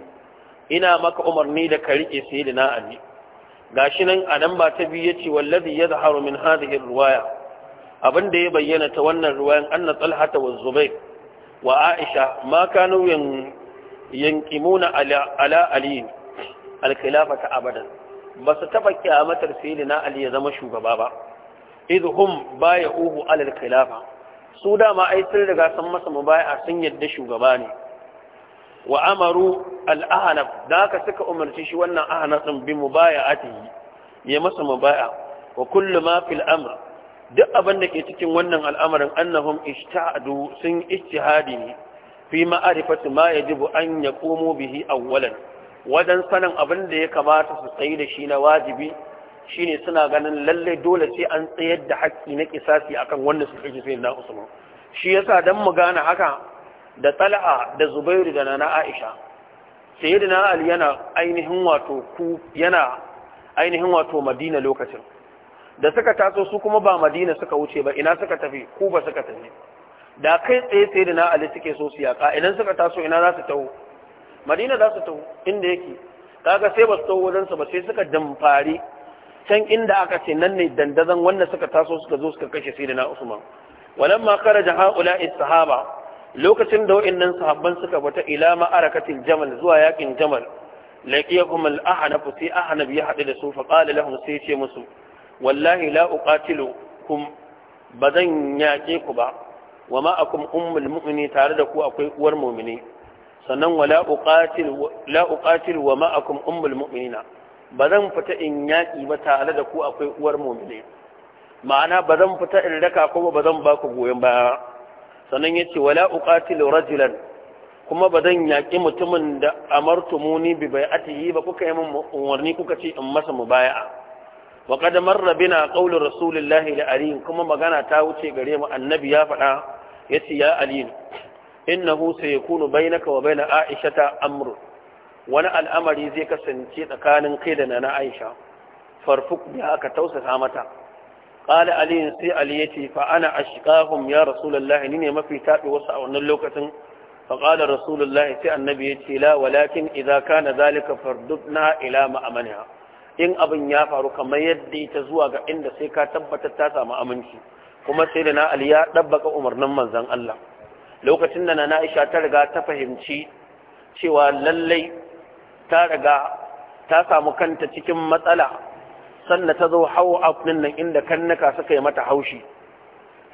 ina maka umarni da ka rike na ali gashi nan a nan ba ta biyu ya ce wallazi ya zaharu min hadhihi ruwaya abin da ya bayyana ta wannan ruwayan anna talhata wa zubair wa aisha ma kanu yankimuna ala ali alkhilafata abadan ba su taba kiyamatar sayyidina ali ya zama shugaba ba idhum bay'uhu ala alkhilafa su dama ai sun riga sun masa mubai'a sun yadda shugaba ne wa amaru al-ahnaf da haka suka umarci shi wannan ahnaf din bi mubaya'atihi ya masa mubai'a wa kullu ma fil amr duk abin da ke cikin wannan al'amarin annahum ishtadu sun ijtihadi ne fi ma'arifati ma yajibu an komo bihi awwalan wajen sanin abin da ya kamata su tsayi da shi na wajibi shine suna ganin lalle dole sai an tsayar da haƙƙi na kisasi akan wanda su kashe sai na Usman shi yasa dan mu gane haka da Tala da Zubairu da Nana Aisha sayyidina Ali yana ainihin wato ku yana ainihin wato Madina lokacin da suka taso su kuma ba madina suka wuce ba ina suka tafi ba suka tafi da kai tsaye sai da na'ali suke so su yaka idan suka taso ina za su taho madina za su taho inda yake kaga sai ba su taho wajen ba sai suka damfari can inda aka ce nan ne dandazan wanda suka taso suka zo suka kashe sai da na usman walamma kharaja haula sahaba lokacin da wa'annan sahabban suka bata ila ma'arakatil jamal zuwa yakin jamal laqiyahum al-ahnaf sai ahnab ya hadu da su fa qala lahum sai ce musu wallahi la uqatilukum ba zan yaƙe ku ba wa ma ma'akum ummul mu'mini tare da ku akwai uwar mu'mini sannan wa la uqatil wa ma ma'akum ummul mu'minina ba zan fita in yaki ba tare da ku akwai uwar mu'mini ma'ana ba zan fita in raka kuma ba zan ba ku goyon baya sannan yace wala uqatil rajulan kuma ba zan yaƙi mutumin da amartumuni bi bai'atihi ba kuka yi min umarni kuka ce in masa mubaya'a wa rabi na bina qawlu rasulillahi li kuma magana ta wuce gare mu annabi ya faɗa yace ya ali innahu sayakunu bainaka wa baina ta amru wani al'amari zai kasance tsakanin kai da na aisha farfuk da aka tausasa mata qala ali sai ali yace fa ana ashqahum ya rasulullahi ni ne mafi tabi wasu a wannan lokacin فقال رسول الله سي النبي لا ولكن إذا كان ذلك فرددنا إلى مأمنها in abin ya faru kamar yadda ita zuwa ga inda sai ka tabbatar ta samu aminci kuma sai da na ali ya ɗabbaka umarnin manzan Allah lokacin da na Na'isha ta riga ta fahimci cewa lallai ta riga ta samu kanta cikin matsala sannan ta zo Hau a din nan inda kannaka suka yi mata haushi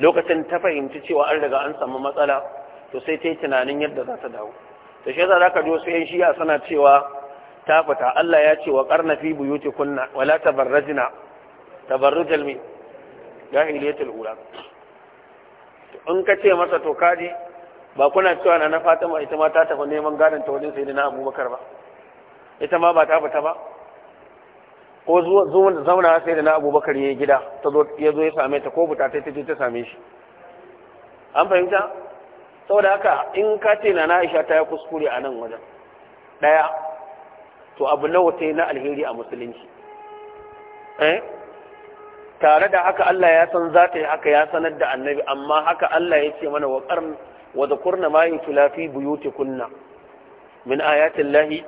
lokacin ta fahimci cewa an riga an samu matsala to sai ta yi tunanin yadda za ta dawo da shi yasa ka ji wasu yan shiya suna cewa Tafata Allah ya ce wa karna fi buyuti kunna wala tabarrajna tabarrujal mi jahiliyatul ula in ka ce masa to kaji ba kuna cewa na na Fatima ita ma ta tafi neman gadon ta wajen sayyidina Abubakar ba ita ma ba ta fita ba ko zuwan zauna sai da na abubakar ya yi gida ya zo ya same ta ko buta ta ta same shi an fahimta saboda haka in ka ce na Aisha ta ya kuskure a nan wajen ɗaya to abu nawa ta na alheri a musulunci eh? tare da haka Allah ya san za ta yi haka ya sanar da annabi amma haka Allah ya ce mana wa zakurna ma yi tulafi buyuti kunna min ayatin lahi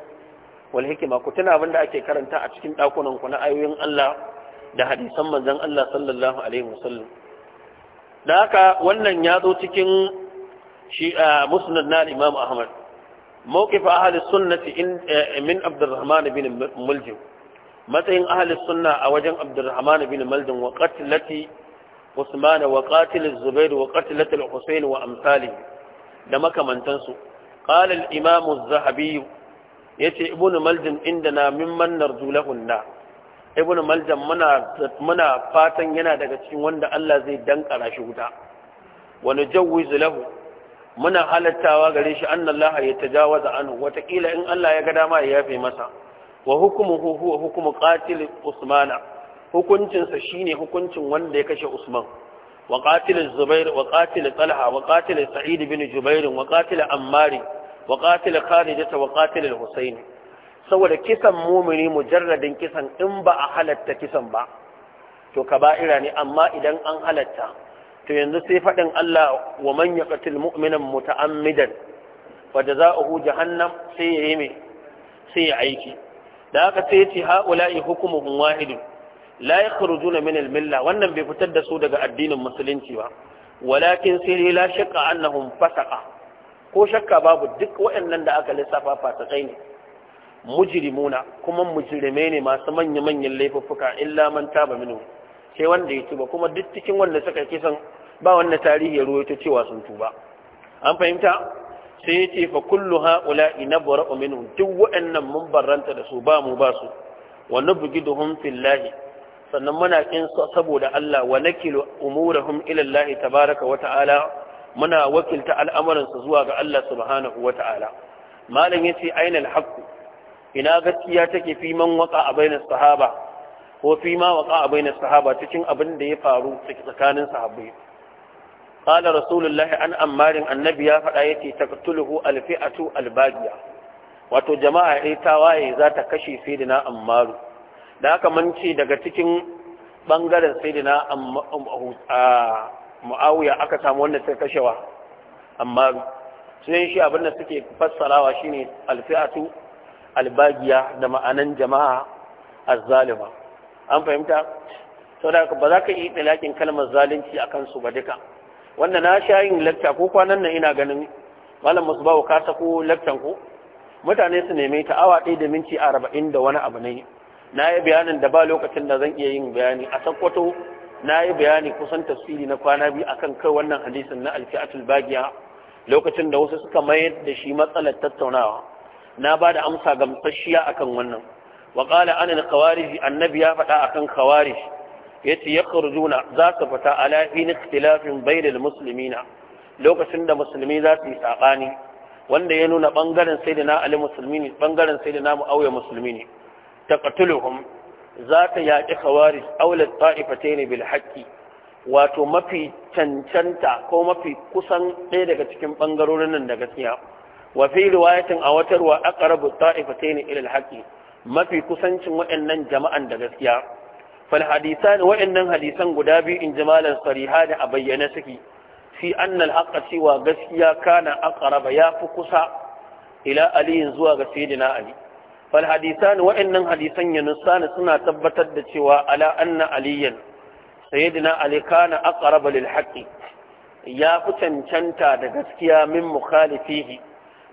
wal hikima ku tuna abin da ake karanta a cikin ɗakunan na ayoyin Allah da hadisan manzon Allah sallallahu alaihi wasallam da haka wannan ya zo cikin shi a ah, musnad na Imam Ahmad موقف أهل السنة من عبد الرحمن بن ملجم matsayin ahalin sunna a wajen abdurrahman bin maldin wa qatlati usman wa qatil zubair wa qatlati al-husayn wa amsali da makamantansu qala al-imam az-zahabi yace ibn maldin indana mimman narju lahunna ibn maldin muna muna fatan yana daga cikin wanda Allah zai dankara shi wuta wa najawwiz lahu muna halattawa gare shi annallaha ya tajawaza anhu watakila in Allah ya ga dama ya yafe masa wa hukumuhu huwa hukumu qatil usmana hukuncinsa shine hukuncin wanda ya kashe usman wa qatil zubair wa qatil talha wa qatil sa'id bin jubair wa qatil ammar wa qatil kharijah wa qatil husayn saboda kisan mumini mujarradin kisan in ba a halatta kisan ba to kaba'ira ne amma idan an halatta to yanzu sai faɗin Allah wa man yaqtil mu'minan muta'ammidan fa jazaohu jahannam sai yayi mai sai ya aiki da haka sai yace haula'i hukumuhum wahid la yakhrujuna min al-milla wannan bai fitar da su daga addinin musulunci ba walakin sai la shakka annahum fasaqa ko shakka babu duk waɗannan da aka lissafa fasakai ne mujrimuna kuma mujrimai ne masu manya-manyan laifuffuka illa man taba minhu sai wanda ya tuba kuma duk cikin wanda suka kisan ba wanda tarihi ya ruwaito cewa sun tuba an fahimta sai ya ce fa kullu haula inabra'u minhum duk waɗannan mun barranta da su ba mu ba su wa nubghiduhum fillahi sannan muna kin saboda Allah wa nakilu umurahum ila Allah tabaaraka wa ta'ala muna wakilta al'amuran su zuwa ga Allah subhanahu wa ta'ala malam yace ainal haqq ina gaskiya take fi man waqa a bainas sahaba ko fi ma a na sahaba cikin abin da ya faru tsakanin sahabai qala rasulullahi an ammarin annabi ya faɗa yake taqtuluhu alfi'atu albagiya wato jama'a ya ta tawaye za ta kashe na ammaru da aka daga cikin bangaren na muawiya aka samu wanda ta kashewa ammaru sunan shi abin da suke fassarawa shine alfi'atu albagiya da ma'anan jama'a azzalima an fahimta sau da ba za ka yi ɗalakin kalmar zalunci a kansu ba duka wanda na sha yin lakta ko kwanan nan ina ganin malam ba wa kasa ko laktan ko mutane su neme ta awa ɗaya da minti arba'in da wani abu ne na yi bayanin da ba lokacin da zan iya yin bayani a sakkwato na yi bayani kusan tasiri na kwana biyu akan kai wannan hadisin na alfi'atul bagiya lokacin da wasu suka mayar da shi matsalar tattaunawa na ba da amsa gamsasshiya akan wannan wa qala ana annabi ya faɗa akan ya yace yakhrujuna za su fita ala in ikhtilafin bainal muslimina lokacin da musulmi za su yi wanda ya nuna bangaren na ali musulmi ne bangaren sayyidina auya musulmi ne taqtuluhum za ta yaqi khawarij awla ta'ifatayn bil haƙƙi wato mafi cancanta ko mafi kusan ɗaya daga cikin bangarorin nan da gaskiya wa fi riwayatin a watarwa aqrabu ta'ifatayn ila al haqqi mafi kusancin waɗannan jama'an da gaskiya fal hadisan waɗannan hadisan guda biyu in jimalan sariha da a bayyana suke fi annal haqqa cewa gaskiya kana aqraba yafi kusa ila aliyin zuwa ga sayyidina ali fal hadisan waɗannan hadisan yanusana suna tabbatar da cewa ala anna aliyan sayyidina ali kana aqraba lil haqqi ya fi cancanta da gaskiya min mukhalifihi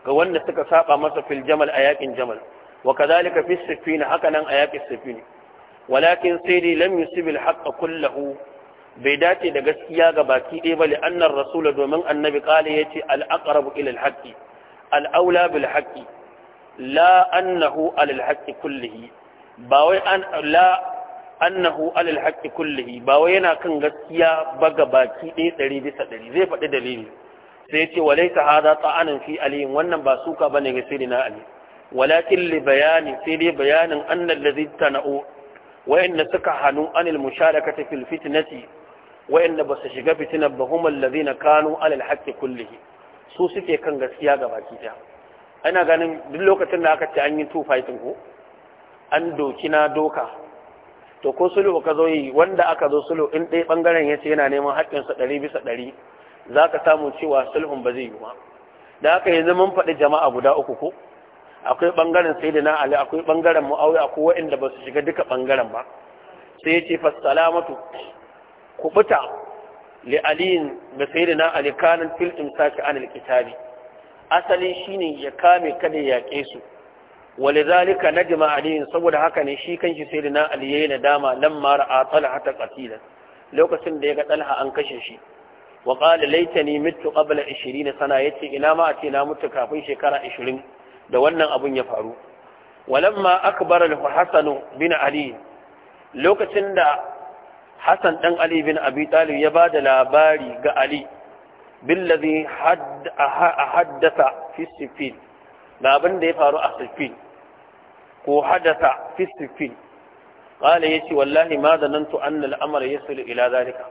ga wanda suka saba masa fil jamal a yakin jamal wa kadhalika fi sifin haka nan a yaƙi sifin walakin sai dai lam yusib al kullahu bai dace da gaskiya ga baki ɗaya ba li'annar rasula domin annabi qala yace al aqrabu ila al haqqi la annahu an annahu alal haqqi kullihi ba wai yana kan gaskiya ba ga baki ɗaya ɗari bisa ɗari zai faɗi dalili sai ya ce wa hada ta'anan fi aliyin wannan ba suka bane ga sirina ali Wala li bayani sai dai bayanin annal ladhi tana'u wayanda suka hanu anil musharakati fil fitnati wayanda ba su shiga fitinar ba hum alladhina kanu alal haqqi kullihi su suke kan gaskiya gabaki ta ana ganin duk lokacin da aka ci an yi two an doki na doka to ko sulhu ka wanda aka zo sulhu in ɗaya bangaren ya ce yana neman haƙƙinsa ɗari bisa ɗari za ka samu cewa sulhun ba zai yi ba da haka yanzu mun faɗi jama'a guda uku ko akwai bangaren na ali akwai bangaren muawiya kowa waɗanda ba su shiga duka bangaren ba sai ya ce fassalamatu kubuta li aliyin da sayyidina ali kanin fil imsaki an alkitabi asali shine ya kame kada ya yake su na نجم علي saboda haka ne shi kanshi sayyidina ali yayin nadama lamma ra'a talha ta qatilan lokacin da ya ga talha an kashe shi wa qala laitani mitu qabla 20 sana yace ina ma ace na mutu kafin shekara 20 da wannan abun ya faru ma akbar al-hasan bin ali lokacin da hasan dan ali bin abi talib ya bada labari ga ali billazi haddatha fi sifin da abin da ya faru a sifin ko hadatha fi sifin qala yace wallahi ma zanantu anna al-amr yasilu ila zalika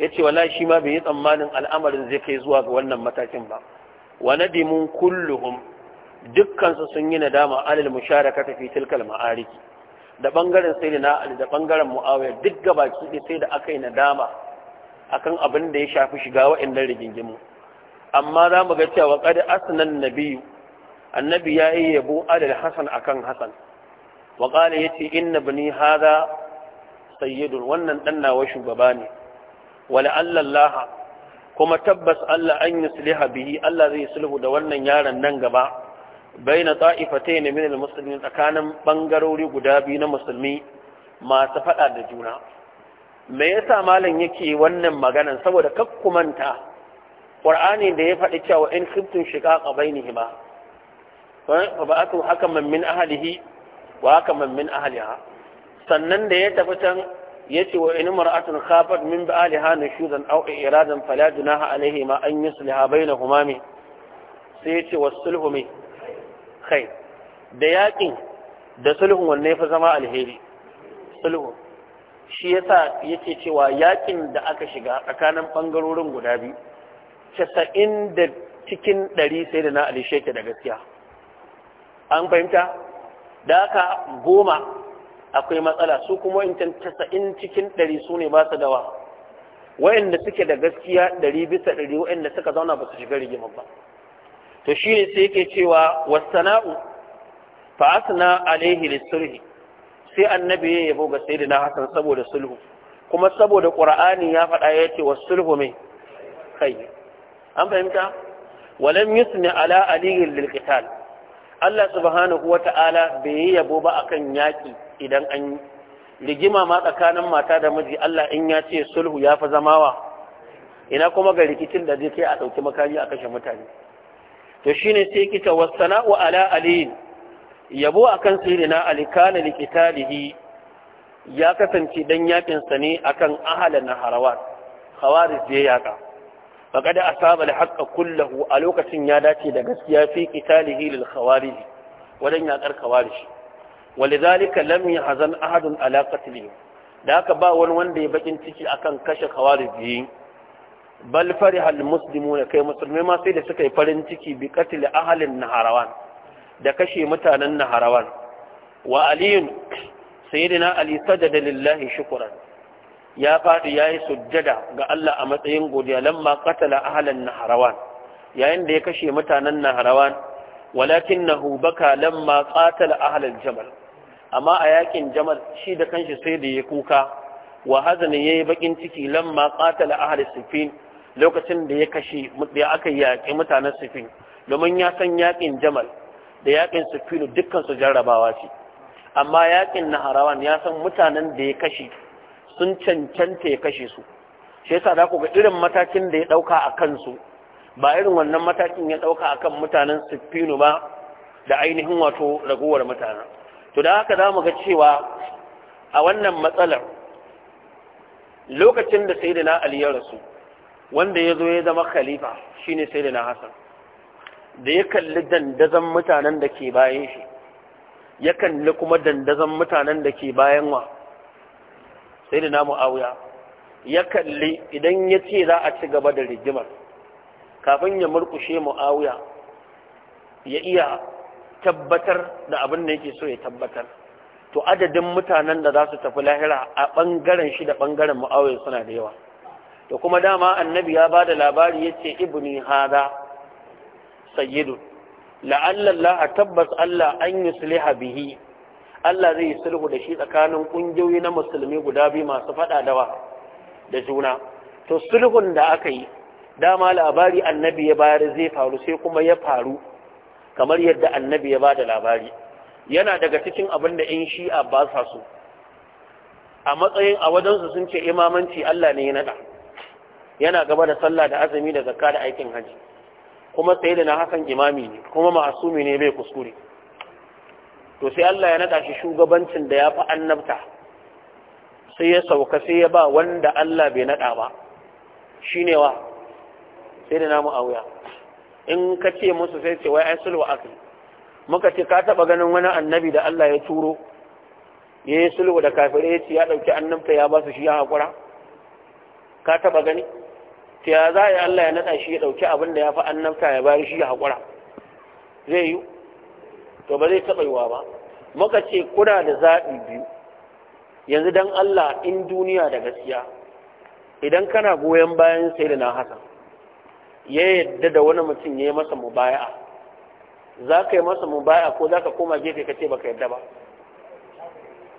yace wallahi shi ma bai yi tsammanin al'amarin zai kai zuwa ga wannan matakin ba wa nadimun kulluhum dukkansu sun yi nadama alal musharaka ta fi tilkal ma'ariki da bangaren sai na ali da bangaren muawiya duk gabaki ɗaya sai da aka yi nadama akan abin da ya shafi shiga wa'annan rigingimu amma za mu ga cewa qad asnan nabiyyu annabi ya yi yabo alal hasan akan hasan wa qala yace inna bani hadha sayyidun wannan dan nawa shugaba ne wala allallaha kuma tabbas Allah an yusliha bihi Allah zai sulhu da wannan yaron nan gaba bai na ta'ifatai ne min musulmi tsakanin ɓangarori guda biyu na musulmi masu faɗa da juna me yasa malam yake wannan maganar saboda kakkumanta ƙur'ani da ya faɗi cewa in khiftum shiqaqa bainihima fa ba'atu hakaman min ahlihi wa hakaman min ahliha sannan da ya tafi can yace wa in mar'atun khafat min ba'liha nushuzan aw iradan fala junaha alayhima an yusliha bainahuma sai yace wasulhu mai khair da yaƙin da sulhun wanne ya fi zama alheri sulhu shi yasa yake cewa yaƙin da aka shiga tsakanin bangarorin guda biyu casa'in da cikin 100 sai da na alisheke da gaskiya an fahimta da aka goma akwai matsala su kuma intan casa'in cikin 100 su ne ba su dawa wa'anda suke da gaskiya 100 bisa ɗari wa'anda suka zauna ba su shiga rigimar ba to shi ne sai yake cewa wasana'u fa asna alaihi lisulhi sai annabi ya yabo ga sayyidina hasan saboda sulhu kuma saboda qur'ani ya faɗa yace wasulhu mai kai an fahimta walam yusni ala aliyin lilqital Allah subhanahu wata'ala bai yi yabo ba akan yaƙi idan an rigima ma tsakanin mata da miji Allah in ya ce sulhu ya fi zamawa ina kuma ga rikicin da zai kai a ɗauki makami a kashe mutane to shine sai kita wa ala ali yabo akan sayyidina ali kana likitalihi ya kasance dan yakin sa ne akan na harawat khawarij ya yaka faqad asaba alhaqqa kulluhu kullahu a lokacin ya dace da gaskiya fi kitalihi lil khawarij wadan yakar khawarij ولذلك لم يحزن أحد على قتله da haka ba wani wanda ya bakin ciki akan kashe khawarij bal farihal muslimuna kai musulmai ma sai da suka yi farin ciki bi katil ahlin naharawan da kashe mutanen naharawan wa aliyun sayyidina ali sajada lillahi shukran ya fadi yayi sujjada ga Allah a matsayin godiya lamma qatala ahlan naharawan yayin da ya kashe mutanen naharawan walakinahu baka lamma qatala ahlal jamal amma a yakin jamal shi da kanshi sai da ya kuka wa hazanin yi bakin ciki lamma qatala ahli sifin lokacin da ya kashe da aka yaƙi mutanen sifin domin ya san yaƙin jamal da yaƙin sifinu dukkan su jarrabawa ce amma yaƙin naharawan ya san mutanen da ya kashe sun cancanta ya kashe su shi yasa za ku ga irin matakin da ya ɗauka a kansu ba irin wannan matakin ya ɗauka a kan mutanen sifinu ba da ainihin wato ragowar mutane. to da haka za mu ga cewa a wannan matsalar lokacin da da ali ya rasu wanda ya zo ya zama khalifa shi ne shine na hasan da ya kalli dandazon mutanen da ke bayan shi ya kalli kuma dandazon mutanen da ke bayan wa na muawiya ya kalli idan ya ce za a ci gaba da rigimar kafin ya murkushe muawiya ya iya tabbatar da abin da yake so ya tabbatar to adadin mutanen da za su tafi lahira a ɓangaren shi da ɓangaren mu'awiyar suna da yawa to kuma dama annabi ya ba da labari ya ce ibni hada sayyidu la'allallah a tabbas Allah an yi sulha bihi Allah zai yi sulhu da shi tsakanin ƙungiyoyi na musulmi guda biyu masu faɗa dawa da juna to sulhun da aka yi dama labari annabi ya bayar zai faru sai kuma ya faru kamar yadda annabi ya ba da labari yana daga cikin abin da in shi'a ba sa so a matsayin a wajensu sun ce imamanci Allah ne ya da, yana gaba da sallah da azumi da zakka da aikin haji kuma sai da na hakan imami ne kuma ma'asumi ne bai kuskure to sai Allah ya nada shi shugabancin da ya fi annabta sai ya sauka sai ya ba wanda Allah bai nada ba shine wa sai da namu auya in ka ce musu sai ce wai ai sulwa akli muka ce ka taɓa ganin wani annabi da Allah ya turo ya yi sulhu da kafirai ya ce ya ɗauki annabta ya ba su shi ya haƙura ka taɓa gani ta ya za a yi Allah ya naɗa shi ya ɗauki abin da ya fi annabta ya bayar shi ya haƙura zai yi to ba zai taɓa yiwa ba muka ce kuna da zaɓi biyu yanzu don Allah in duniya da gaskiya idan kana goyon bayan sai da na hasan ya yadda da wani mutum ya yi masa mubaya'a za ka yi masa mubaya ko za ka koma gefe ka ce baka yadda ba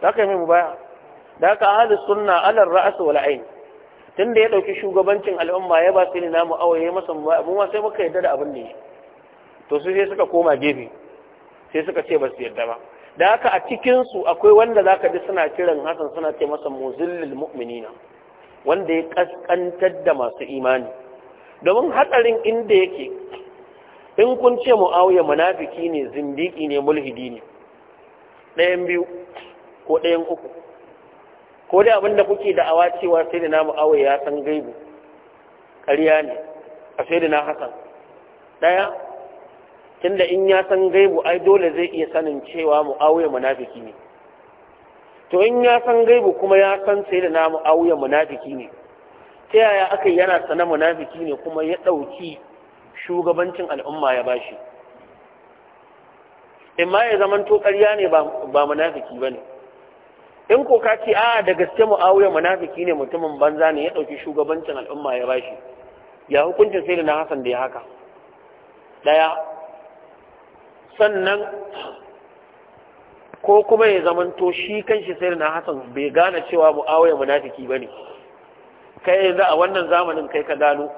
za ka yi mai mubaya da haka ahalus sunna alar ra'asa wal ain tun da ya dauki shugabancin al'umma ya ba su ne namu ya masa mubaya mu sai muka yadda da abin da ya to su sai suka koma gefe sai suka ce ba su yadda ba da haka a cikin su akwai wanda za ka ji suna kiran Hassan suna ce masa muzillil mu'minina wanda ya kaskantar da masu imani domin hatsarin inda yake in kun ce mu'awiya munafiki ne zindiki ne mulhidi ne ɗayan biyu ko ɗayan uku ko dai abinda kuke da awa cewa sai da na mu'awiya ya san gaibu ƙarya ne a sai da na hasan ɗaya tunda in ya san gaibu ai dole zai iya sanin cewa mu'awiya munafiki ne to in ya san gaibu kuma ya san sai da na mu'awiya munafiki ne ta yaya aka yana sana munafiki ne kuma ya ɗauki shugabancin al'umma ya bashi in ma ya zaman to ƙarya ne ba munafiki ba ne in ko ka ce a da gaske mu'awiya munafiki ne mutumin banza ne ya ɗauki shugabancin al'umma ya bashi ya hukuncin sai na hasan da ya haka ɗaya sannan ko kuma ya to shi kanshi sai na hasan bai gane cewa mu'awiya munafiki ba ne kai yanzu a wannan zamanin kai ka gano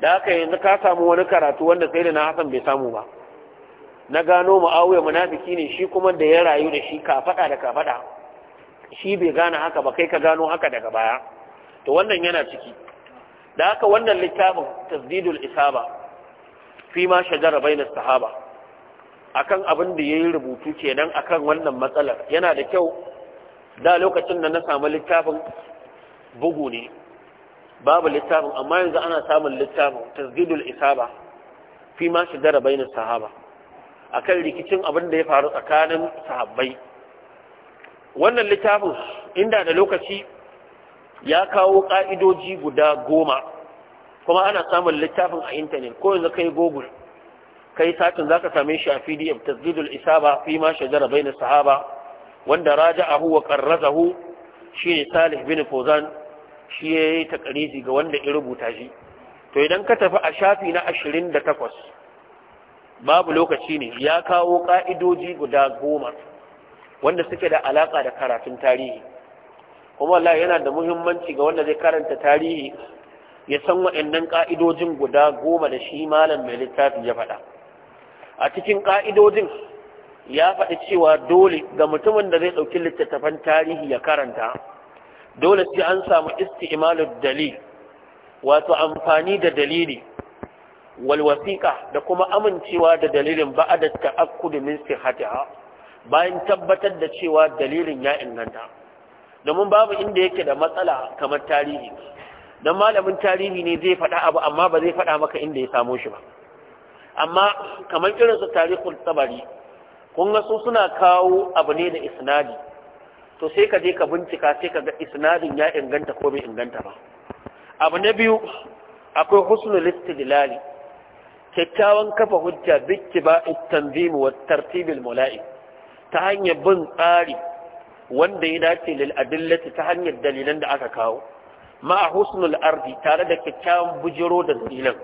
da haka yanzu ka samu wani karatu wanda sai da na hasan bai samu ba na gano ma'auya munafiki ne shi kuma da ya rayu da shi kafaɗa da kafaɗa shi bai gane haka ba kai ka gano haka daga baya to wannan yana ciki da haka wannan littafin tasdidul isaba fi ma shajara sahaba akan abin da yayi rubutu kenan akan wannan matsalar yana da kyau da lokacin da na samu littafin bugu ne babu littafin amma yanzu ana samun littafin tasgidul isaba fi ma shigara bainar sahaba akan rikicin abin da ya faru tsakanin sahabbai wannan littafin inda da lokaci ya kawo ƙa'idoji guda goma kuma ana samun littafin a intanet ko yanzu kai google kai satin zaka same shi a pdf tasdidul isaba fi ma shajara bai na sahaba wanda raja wa huwa shine salih bin Fuzan. shi ya yi takarisi ga wanda ya rubuta shi to idan ka tafi a shafi na ashirin da takwas babu lokaci ne ya kawo ƙa'idoji guda goma wanda suke da alaƙa da karatun tarihi kuma Allah yana da muhimmanci ga wanda zai karanta tarihi ya san waɗannan ƙa'idojin guda goma da shi malam mai littafi ya faɗa a cikin ƙa'idojin ya faɗi cewa dole ga mutumin da zai ɗauki littattafan tarihi ya karanta dole sai an samu isti'malud dalil wato amfani da dalili wal wasiqa da kuma amincewa da dalilin ba'da ta'akkud min sihhatiha bayan tabbatar da cewa dalilin ya inganta domin babu inda yake da matsala kamar tarihi dan malamin tarihi ne zai faɗa abu amma ba zai faɗa maka inda ya samo shi ba amma kamar irin su tarihul tabari kun ga su suna kawo abu ne da isnadi to sai ka je ka bincika sai ka ga isnadin ya inganta ko bai inganta ba abu na biyu akwai husnul istidlali kyakkyawan kafa hujja bittiba ba tanzim wa tartib al-mulai ta hanyar bin tsari wanda ya dace lil adillati ta hanyar dalilan da aka kawo ma husnul ardi tare da kyakkyawan bujiro da dalilan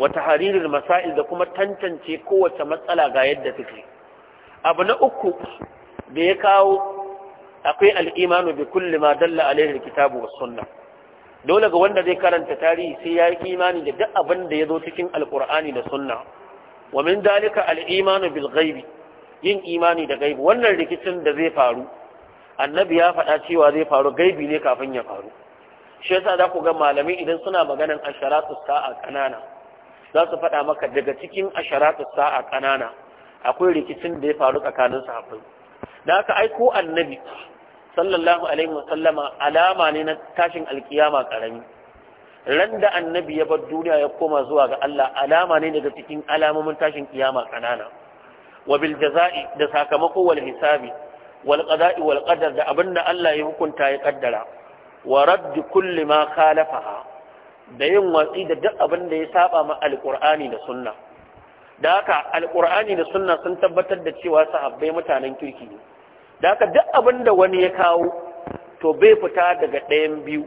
wa tahriril masail da kuma tantance kowace matsala ga yadda take abu na uku da ya kawo akwai al'imanu bi kulli ma dalla alaihi kitabu was sunna dole ga wanda zai karanta tarihi sai ya yi imani da duk abin da ya zo cikin Alkur'ani da sunna wa min dalika al'imanu bil gaibi yin imani da gaibi wannan rikicin da zai faru annabi ya faɗa cewa zai faru gaibi ne kafin ya faru shi yasa za ku ga malamai idan suna maganan asharatu sa'a ƙanana za su faɗa maka daga cikin asharatu sa'a kanana akwai rikicin da ya faru tsakanin sahabbai da ka aiko annabi sallallahu alaihi wasallama alama ne na tashin alkiyama karami ran da annabi ya bar duniya ya koma zuwa ga Allah alama ne daga cikin alamomin tashin kiyama kanana wa bil jaza'i da sakamako wal hisabi wal qada'i wal qadar da abinda Allah ya hukunta ya kaddara wa radd kulli ma khalafaha da yin watsi da duk abinda ya saba ma alqur'ani da sunna da haka alqur'ani da sunna sun tabbatar da cewa sahabbai mutanen kirki ne da haka duk abin da wani ya kawo to bai fita daga ɗayan biyu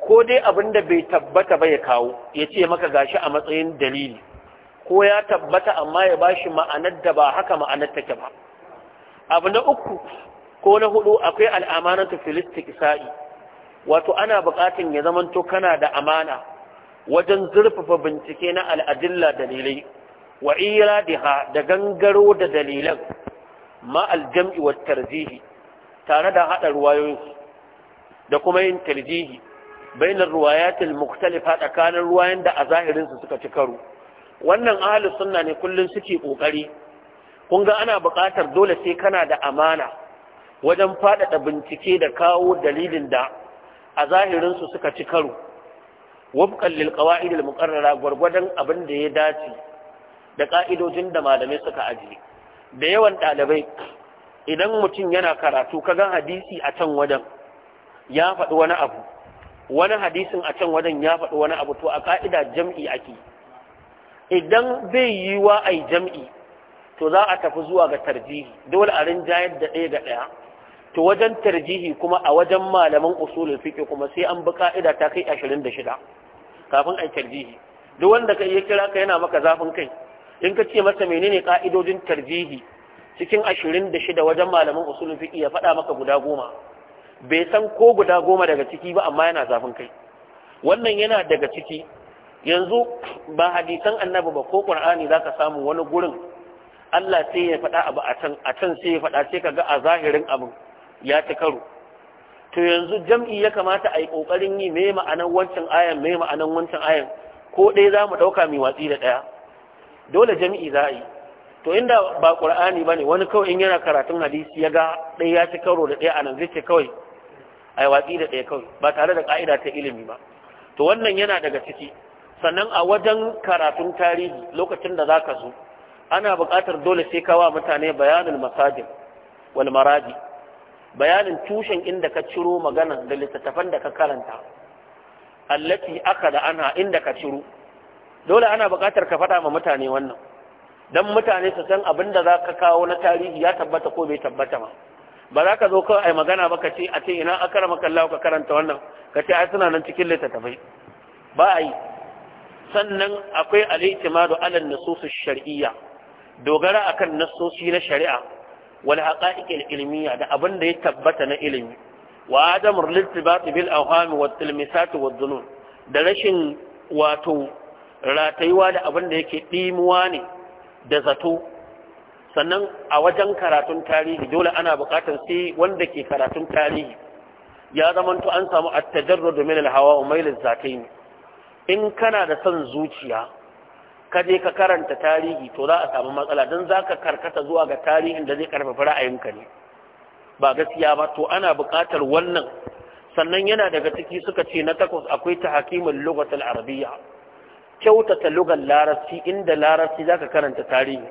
ko dai abin da bai tabbata ba ya kawo ya ce maka gashi a matsayin dalili ko ya tabbata amma ya ba shi ma'anar da ba haka ma'anar take ba abu na uku ko na hudu akwai al'amanatu filistik sa'i wato ana bukatun ya zamanto kana da amana wajen zurfafa bincike na al'adilla dalilai wa iradiha da gangaro da dalilan ma aljam'i wa tarjihi tare da hada ruwayoyin da kuma yin tarjihi bayin ruwayat al-mukhtalifa tsakanin ruwayan da a zahirin su suka ci karo wannan ahlus sunna ne kullun suke kokari kun ga ana buƙatar dole sai kana da amana wajen faɗaɗa bincike da kawo dalilin da a zahirin su suka ci karo wafqan lil qawa'id al muqarrara gwargwadon abin da ya dace da ƙa'idojin da malamai suka ajiye da yawan ɗalibai idan mutum yana karatu kaga hadisi a can wajen ya faɗi wani abu wani hadisin a can wajen ya faɗi wani abu to a ƙa'ida jam'i ake idan bai yi wa a jam'i to za a tafi zuwa ga tarjihi dole a rinjayar da ɗaya ga ɗaya to wajen tarjihi kuma a wajen malaman usulul fiqh kuma sai an bi ƙa'ida ta kai ashirin kafin a tarjihi duk wanda ka ya kira ka yana maka zafin kai in ka ce masa menene ka'idodin tarjihi cikin ashirin da shida wajen malamin usulun fiƙi ya faɗa maka guda goma bai san ko guda goma daga ciki ba amma yana zafin kai wannan yana daga ciki yanzu ba hadisan annabi ba ko za ka samu wani gurin Allah sai ya faɗa abu a can a can sai ya faɗa sai ga a zahirin abin ya ci karo to yanzu jam'i ya kamata a yi ƙoƙarin yi me ma'anan wancan ayan mai ma'anan wancan ayan ko ɗaya za mu ɗauka mai watsi da ɗaya dole jami'i za a yi to inda ba qur'ani bane wani kawai in yana karatun hadisi ya ga ɗaya ya ci karo da ɗaya a nan zai ce kawai a yi watsi da ɗaya kawai ba tare da ƙa'ida ta ilimi ba to wannan yana daga ciki sannan a wajen karatun tarihi lokacin da za ka zo ana buƙatar dole sai kawa mutane bayanin masajin wal maradi bayanin tushen inda ka ciro magana da littattafan da ka karanta allati aka da ana inda ka ciro dole ana buƙatar ka faɗa ma mutane wannan don mutane su san abin da za ka kawo na tarihi ya tabbata ko bai tabbata ma ba za ka zo kawai ai magana ba ka ce a ce ina akara makallahu ka karanta wannan ka ce ai suna nan cikin littattafai ba a yi sannan akwai al'itimadu alal nususus shar'iyya dogara akan nasosi na shari'a wal haqa'iqil ilmiyya da abin da ya tabbata na ilimi wa adamul liltibat bil awham wat tilmisat wad dunun da rashin wato ratayuwa da abin da yake ɗimuwa ne da zato sannan a wajen karatun tarihi dole ana buƙatar sai wanda ke karatun tarihi ya zamanto an samu attajarru domin alhawa wa mailin zakai in kana da son zuciya ka je ka karanta tarihi to za a samu matsala don za ka karkata zuwa ga tarihin da zai karfafa ra'ayinka ne ba gaskiya ba to ana buƙatar wannan sannan yana daga ciki suka ce na takwas akwai ta hakimin lugatul arabiyya kyautata lugar larabci inda larabci zaka karanta tarihi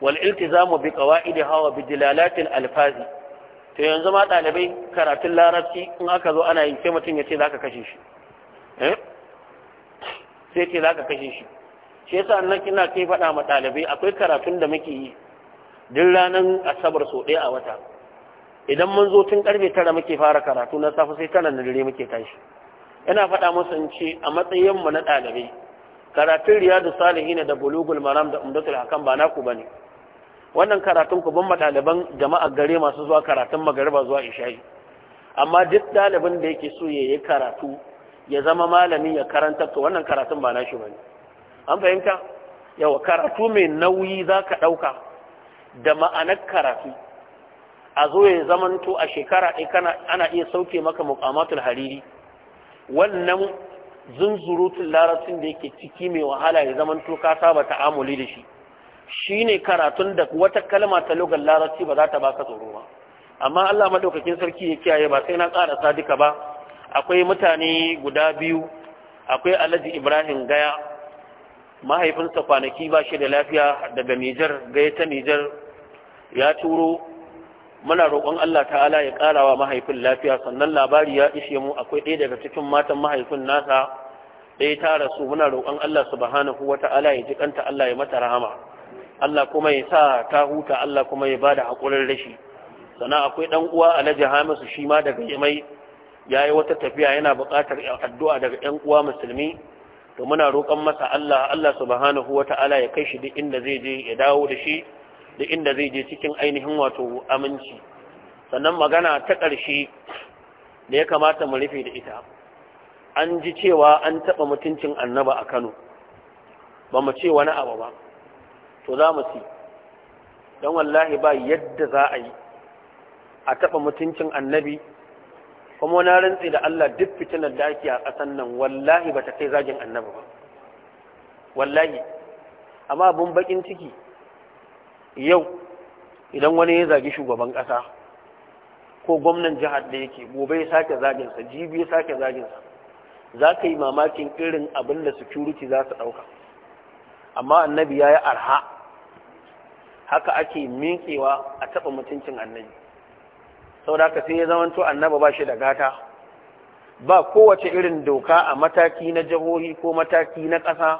wal iltizamu bi qawaidiha hawa bi al alfazi to yanzu ma dalibai karatun larabci in aka zo ana yin sai mutum ya zaka kashe shi eh sai ce zaka kashe shi shi yasa annan kina kai faɗa ma dalibai akwai karatun da muke yi duk ranar asabar so ɗaya a wata idan mun zo tun karfe tara muke fara karatu na safe sai tana na dare muke tashi ina faɗa musu in ce a matsayin mu na ɗalibai karatun riyadu ne da bulugul maram da umdatul hakan ba naku bane wannan karatun ku ban madaliban jama'a gare masu zuwa karatun magariba zuwa isha'i amma duk dalibin da yake so ya yi karatu ya zama malami ya karanta to wannan karatun ba nashi bane an fahimta yawa karatu mai nauyi za ka ɗauka da ma'anar karatu a zo ya zamanto a shekara ɗaya ana iya sauke maka muƙamatul hariri wannan zunzurutun larabcin da yake ciki mai wahala ya zaman to ka saba ta'amuli da shi Shi ne karatun da wata kalma ta logan larabci ba za ta baka tsoro ba amma Allah madaukakin sarki ya kiyaye ba sai na tsara sadika ba akwai mutane guda biyu akwai Alhaji Ibrahim Gaya mahaifinsa kwanaki ba shi da lafiya daga Nijar gaya ta Nijar ya turo muna roƙon Allah ta'ala ya ƙara wa mahaifin lafiya sannan labari ya ishe mu akwai ɗaya daga cikin matan mahaifin nasa ɗaya ta rasu muna roƙon Allah subhanahu wa ta'ala ya ji kanta Allah ya mata rahama Allah kuma ya sa ta huta Allah kuma ya ba da haƙurin rashi sannan akwai ɗan uwa Alhaji Hamisu shi ma daga Yamai ya yi wata tafiya yana buƙatar addu'a daga ɗan uwa musulmi to muna roƙon masa Allah Allah subhanahu wa ta'ala ya kai shi duk inda zai je ya dawo da shi da inda zai je cikin ainihin wato aminci sannan magana ta ƙarshe da ya kamata mu rufe da ita an ji cewa an taɓa mutuncin annaba a kano ba mu ce wani abu ba to za mu ci don wallahi ba yadda za a yi a taɓa mutuncin annabi kuma na rantsi da Allah duk fitinar da ake a ƙasan nan wallahi ba ta kai zagin annaba ba wallahi amma abin bakin ciki yau idan wani ya zagi shugaban ƙasa ko gwamnan jihar da yake gobe ya sake zaginsa jibi ya sake zaginsa za ka yi mamakin irin abin da security za su ɗauka amma annabi ya yi arha haka ake minkewa a taɓa mutuncin annabi saboda sai ya zamanto annaba ba shi da gata ba kowace irin doka a mataki na jihohi ko mataki na ƙasa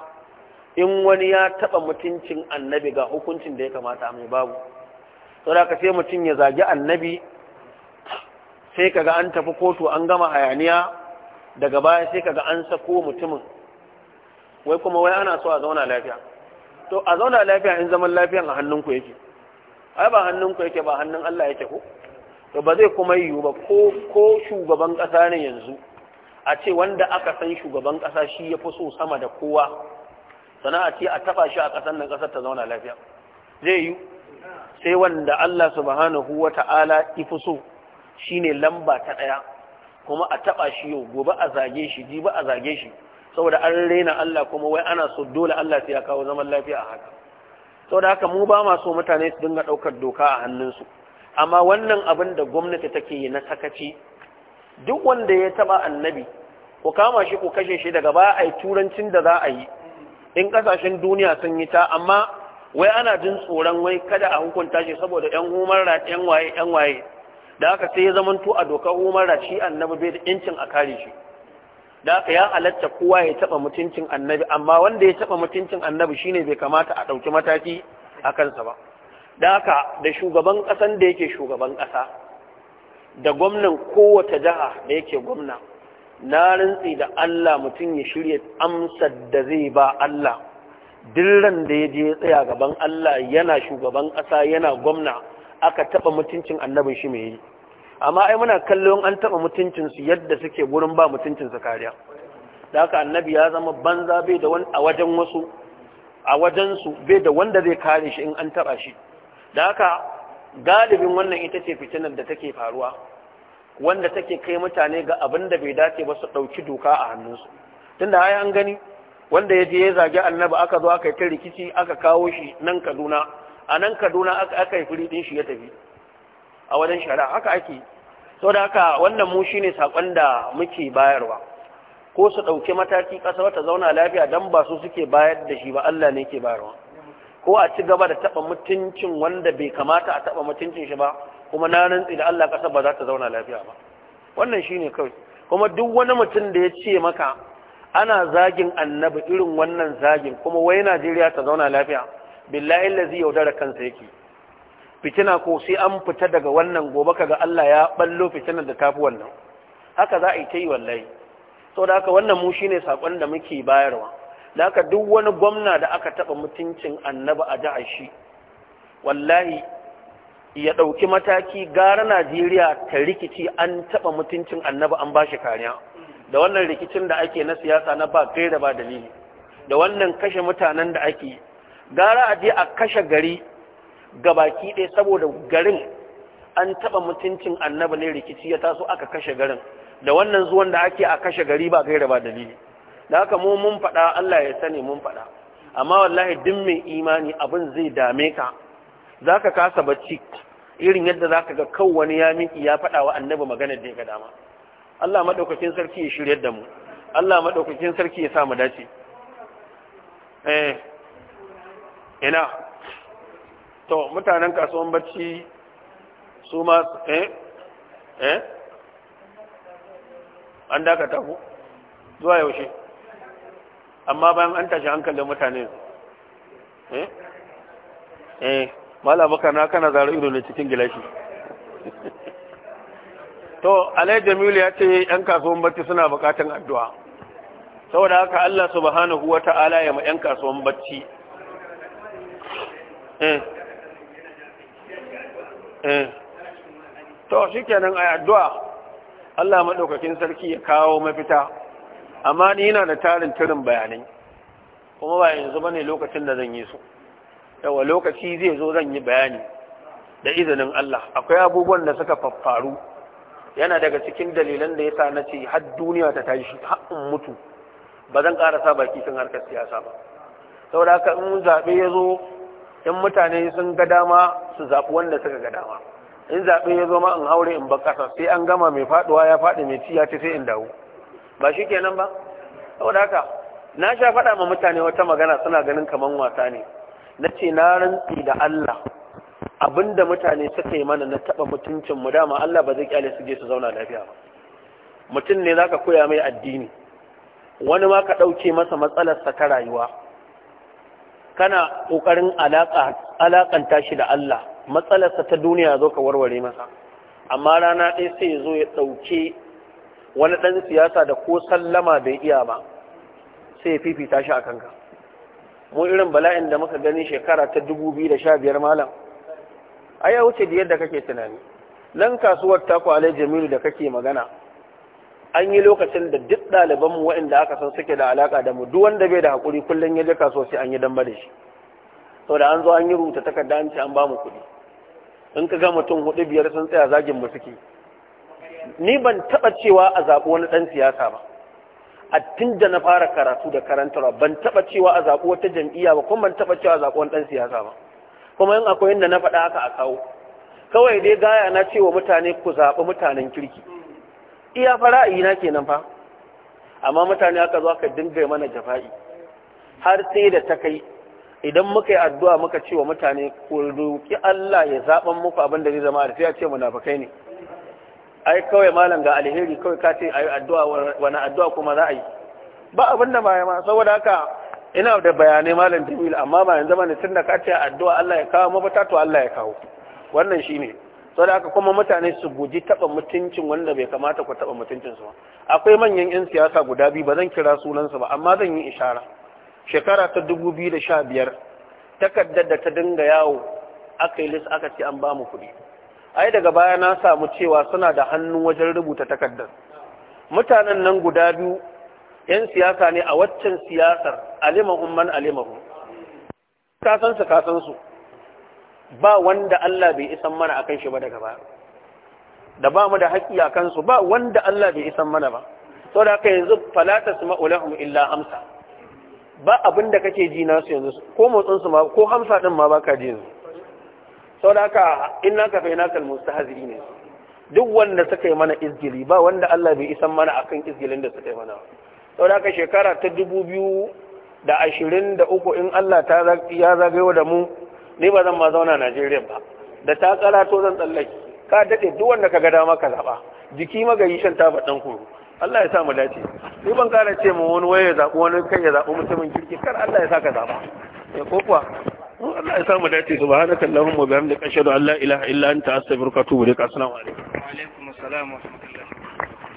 in wani ya taɓa mutuncin annabi ga hukuncin da ya kamata a mai babu saboda ka sai mutum ya zagi annabi sai kaga an tafi kotu an gama hayaniya daga baya sai kaga an sako mutumin wai kuma wai ana so a zauna lafiya to a zauna lafiya in zaman lafiya a hannunku yake ai ba hannunku yake ba hannun Allah yake ko to ba zai kuma yiwu ba ko ko shugaban kasa ne yanzu a ce wanda aka san shugaban kasa shi ya fi so sama da kowa sana'a ce a taba shi a ƙasar nan ƙasar ta zauna lafiya zai yi sai wanda Allah subhanahu wa ta'ala ifi so shi ne lamba ta ɗaya kuma a taba shi yau gobe a zage shi jibi a zage shi saboda an rena Allah kuma wai ana so dole Allah sai ya kawo zaman lafiya a haka saboda haka mu ba ma so mutane su dinga ɗaukar doka a hannunsu amma wannan abin da gwamnati take yi na sakaci duk wanda ya taba annabi ku kama shi ku kashe shi daga baya a yi turancin da za a yi in kasashen duniya sun yi ta amma wai ana jin tsoron wai kada a hukunta shi saboda yan human yan waye yan waye da haka sai ya zamanto a dokar human shi annabi bai da incin a kare shi da haka ya halatta kowa ya taba mutuncin annabi amma wanda ya taba mutuncin annabi shine bai kamata a dauki mataki a kansa ba da haka da shugaban kasan da yake shugaban kasa da gwamnan kowace jiha da yake gwamna na rantsi da Allah mutum ya shirya amsar da zai ba Allah dillan da ya je tsaya gaban Allah yana shugaban ƙasa yana gwamna aka taɓa mutuncin annabin shi mai yi amma ai muna kallon an taɓa mutuncinsu yadda suke wurin ba mutuncinsa kariya da haka annabi ya zama banza bai da a wajen wasu bai da wanda zai kare shi in an taɓa shi da haka galibin wannan ita ce fitinar da take faruwa wanda take kai mutane ga abin da bai dace ba su ɗauki doka a hannunsu tunda ai an gani wanda ya je ya zagi annabi aka zo aka yi ta rikici aka kawo shi nan kaduna a nan kaduna aka yi firi ɗin shi ya tafi a wajen shari'a haka ake so da haka wannan mu shine sakon da muke bayarwa ko su ɗauki mataki ƙasar ta zauna lafiya dan ba su suke bayar da shi ba Allah ne ke bayarwa ko a ci gaba da taɓa mutuncin wanda bai kamata a taɓa mutuncin shi ba kuma na rantsi da Allah ƙasa ba za ta zauna lafiya ba wannan ne kawai kuma duk wani mutum da ya ce maka ana zagin annabi irin wannan zagin kuma wai Najeriya ta zauna lafiya billahi lazi yaudara kansa yake fitina ko sai an fita daga wannan gobe kaga Allah ya ballo fitinar da tafi wannan haka za a yi ta yi wallahi saboda haka wannan mu shine sakon da muke bayarwa da haka duk wani gwamna da aka taɓa mutuncin annabi a jihar shi wallahi ya ɗauki mataki gara najeriya ta rikici an taɓa mutuncin annaba an ba shi kariya da wannan rikicin da ake na siyasa na ba kai da ba dalili da wannan kashe mutanen da ake gara a je a kashe gari ga baki ɗaya saboda garin an taɓa mutuncin annaba ne rikici ya taso aka kashe garin da wannan zuwan da ake a kashe gari ba gaira ba dalili da haka mu mun faɗa Allah ya sani mun faɗa amma wallahi duk mai imani abin zai dame ka za ka kasa bacci irin yadda za ka ga wani ya miki ya faɗa wa annabi maganar da ya ga dama Allah maɗaukakin sarki ya shirya da mu Allah maɗaukakin sarki ya sa mu dace eh ina to mutanen kasuwan bacci su ma eh eh an dakata ku zuwa yaushe amma bayan an tashi hankalin mutane eh eh malabaka na kana zara ido ne cikin gilashi [LAUGHS] to alai jamilu ya ce yan kasuwan bacci suna bukatun addu'a saboda haka Allah subhanahu wata'ala ya ma yan kasuwan bacci eh, eh. to shikenan ay addu'a Allah madaukakin sarki ya kawo mafita amma ni yana da tarin tirin bayanai kuma ba yanzu bane lokacin da zan yi su yawa lokaci zai zo zan yi bayani da izinin Allah akwai abubuwan da suka faffaru yana daga cikin dalilan da ya sa na ce har duniya ta tashi har mutu ba zan sa baki sun harkar siyasa ba saboda haka in zaɓe ya zo in mutane sun ga dama su zaɓi wanda suka ga dama in zaɓe ya zo ma in haure in bar sai an gama mai faɗuwa ya faɗi mai ciya ta sai in dawo ba shi kenan ba saboda haka na sha faɗa ma mutane wata magana suna ganin kaman wasa ne na ce na rantsi da Allah abinda mutane suka yi mana na taɓa mutuncin mu dama Allah ba zai kyale su je su zauna lafiya ba mutum ne zaka koya mai addini wani ma ka ɗauke masa matsalarsa ta rayuwa kana ƙoƙarin alaƙanta shi da Allah matsalarsa ta duniya zo ka warware masa amma rana ɗaya sai zo ya ɗauke wani ɗan siyasa da ko sallama bai iya ba sai ya fifita shi a kanka mu irin bala'in da muka gani shekara ta biyar malam ai ya wuce da kake tunani nan kasuwar taku alai jamilu da kake magana an yi lokacin da duk ɗaliban mu waɗanda aka san suke da alaka da mu duk wanda bai da hakuri kullum ya je kasuwa sai an yi dan da shi da an zo an yi rubuta takarda an ce an bamu kuɗi in ka ga mutum hudu biyar sun tsaya zagin mu suke ni ban taɓa cewa a zaɓi wani ɗan siyasa ba a tun da na fara karatu da karantarwa ban taba cewa a zaɓi wata jam'iyya ba kuma ban taba cewa a zaɓi wani ɗan siyasa ba kuma yin akwai yadda na faɗa aka a kawo kawai dai gaya na cewa mutane ku zaɓi mutanen kirki iya fara na kenan fa amma mutane aka zo aka dinga mana jafa'i har sai da ta kai idan muka yi addu'a muka cewa mutane ku roƙi Allah ya zaɓan muku abin da zai zama da a ce munafukai ne ai kawai malam ga alheri kawai ka ce ai addu'a wani addu'a kuma za a yi ba abin da ma saboda haka ina da bayanai malam Jibril amma ba yanzu bane tunda ka ce addu'a Allah ya kawo mafita to Allah ya kawo wannan shine saboda haka kuma mutane su guji taba mutuncin wanda bai kamata ku taba mutuncin su akwai manyan yan siyasa guda biyu ba zan kira sunansu ba amma zan yi ishara shekara ta 2015 takardar da ta dinga yawo aka yi lis aka ce an ba mu kuɗi ai daga baya na samu cewa suna da hannu wajen rubuta takardar mutanen nan guda biyu yan siyasa ne a waccan siyasar alimahum man alimahu kasan su kasan su ba wanda Allah bai isan mana akan shi ba daga baya da ba mu da haƙƙi a kansu ba wanda Allah bai isan mana ba sau da haka yanzu falata su ma'ulahun illa hamsa ba abin da kake ji nasu yanzu ko motsinsu ma ko hamsa din ma baka ji yanzu sau haka in na kafa yana kalmu haziri ne duk wanda suka yi mana izgili ba wanda Allah bai isan mana akan izgilin da suka yi mana sau haka shekara ta dubu biyu da ashirin da uku in Allah ya zagayo da mu ne ba zan ma zauna Najeriya ba da ta karato zan tsallake ka daɗe duk wanda ka ga dama ka zaɓa jiki magayi shan tafa ɗan kuru Allah ya sa mu dace ni ban kara ce mu wani waye ya zaɓi wani kai ya zaɓi mutumin kirki kar Allah ya sa ka zaɓa eh, ko kuwa Allah ya samu dace subhanaka allahumma bihamdika ashhadu an la ilaha illa anta astaghfiruka wa atubu ilaik assalamu alaikum wa alaikum assalam wa rahmatullahi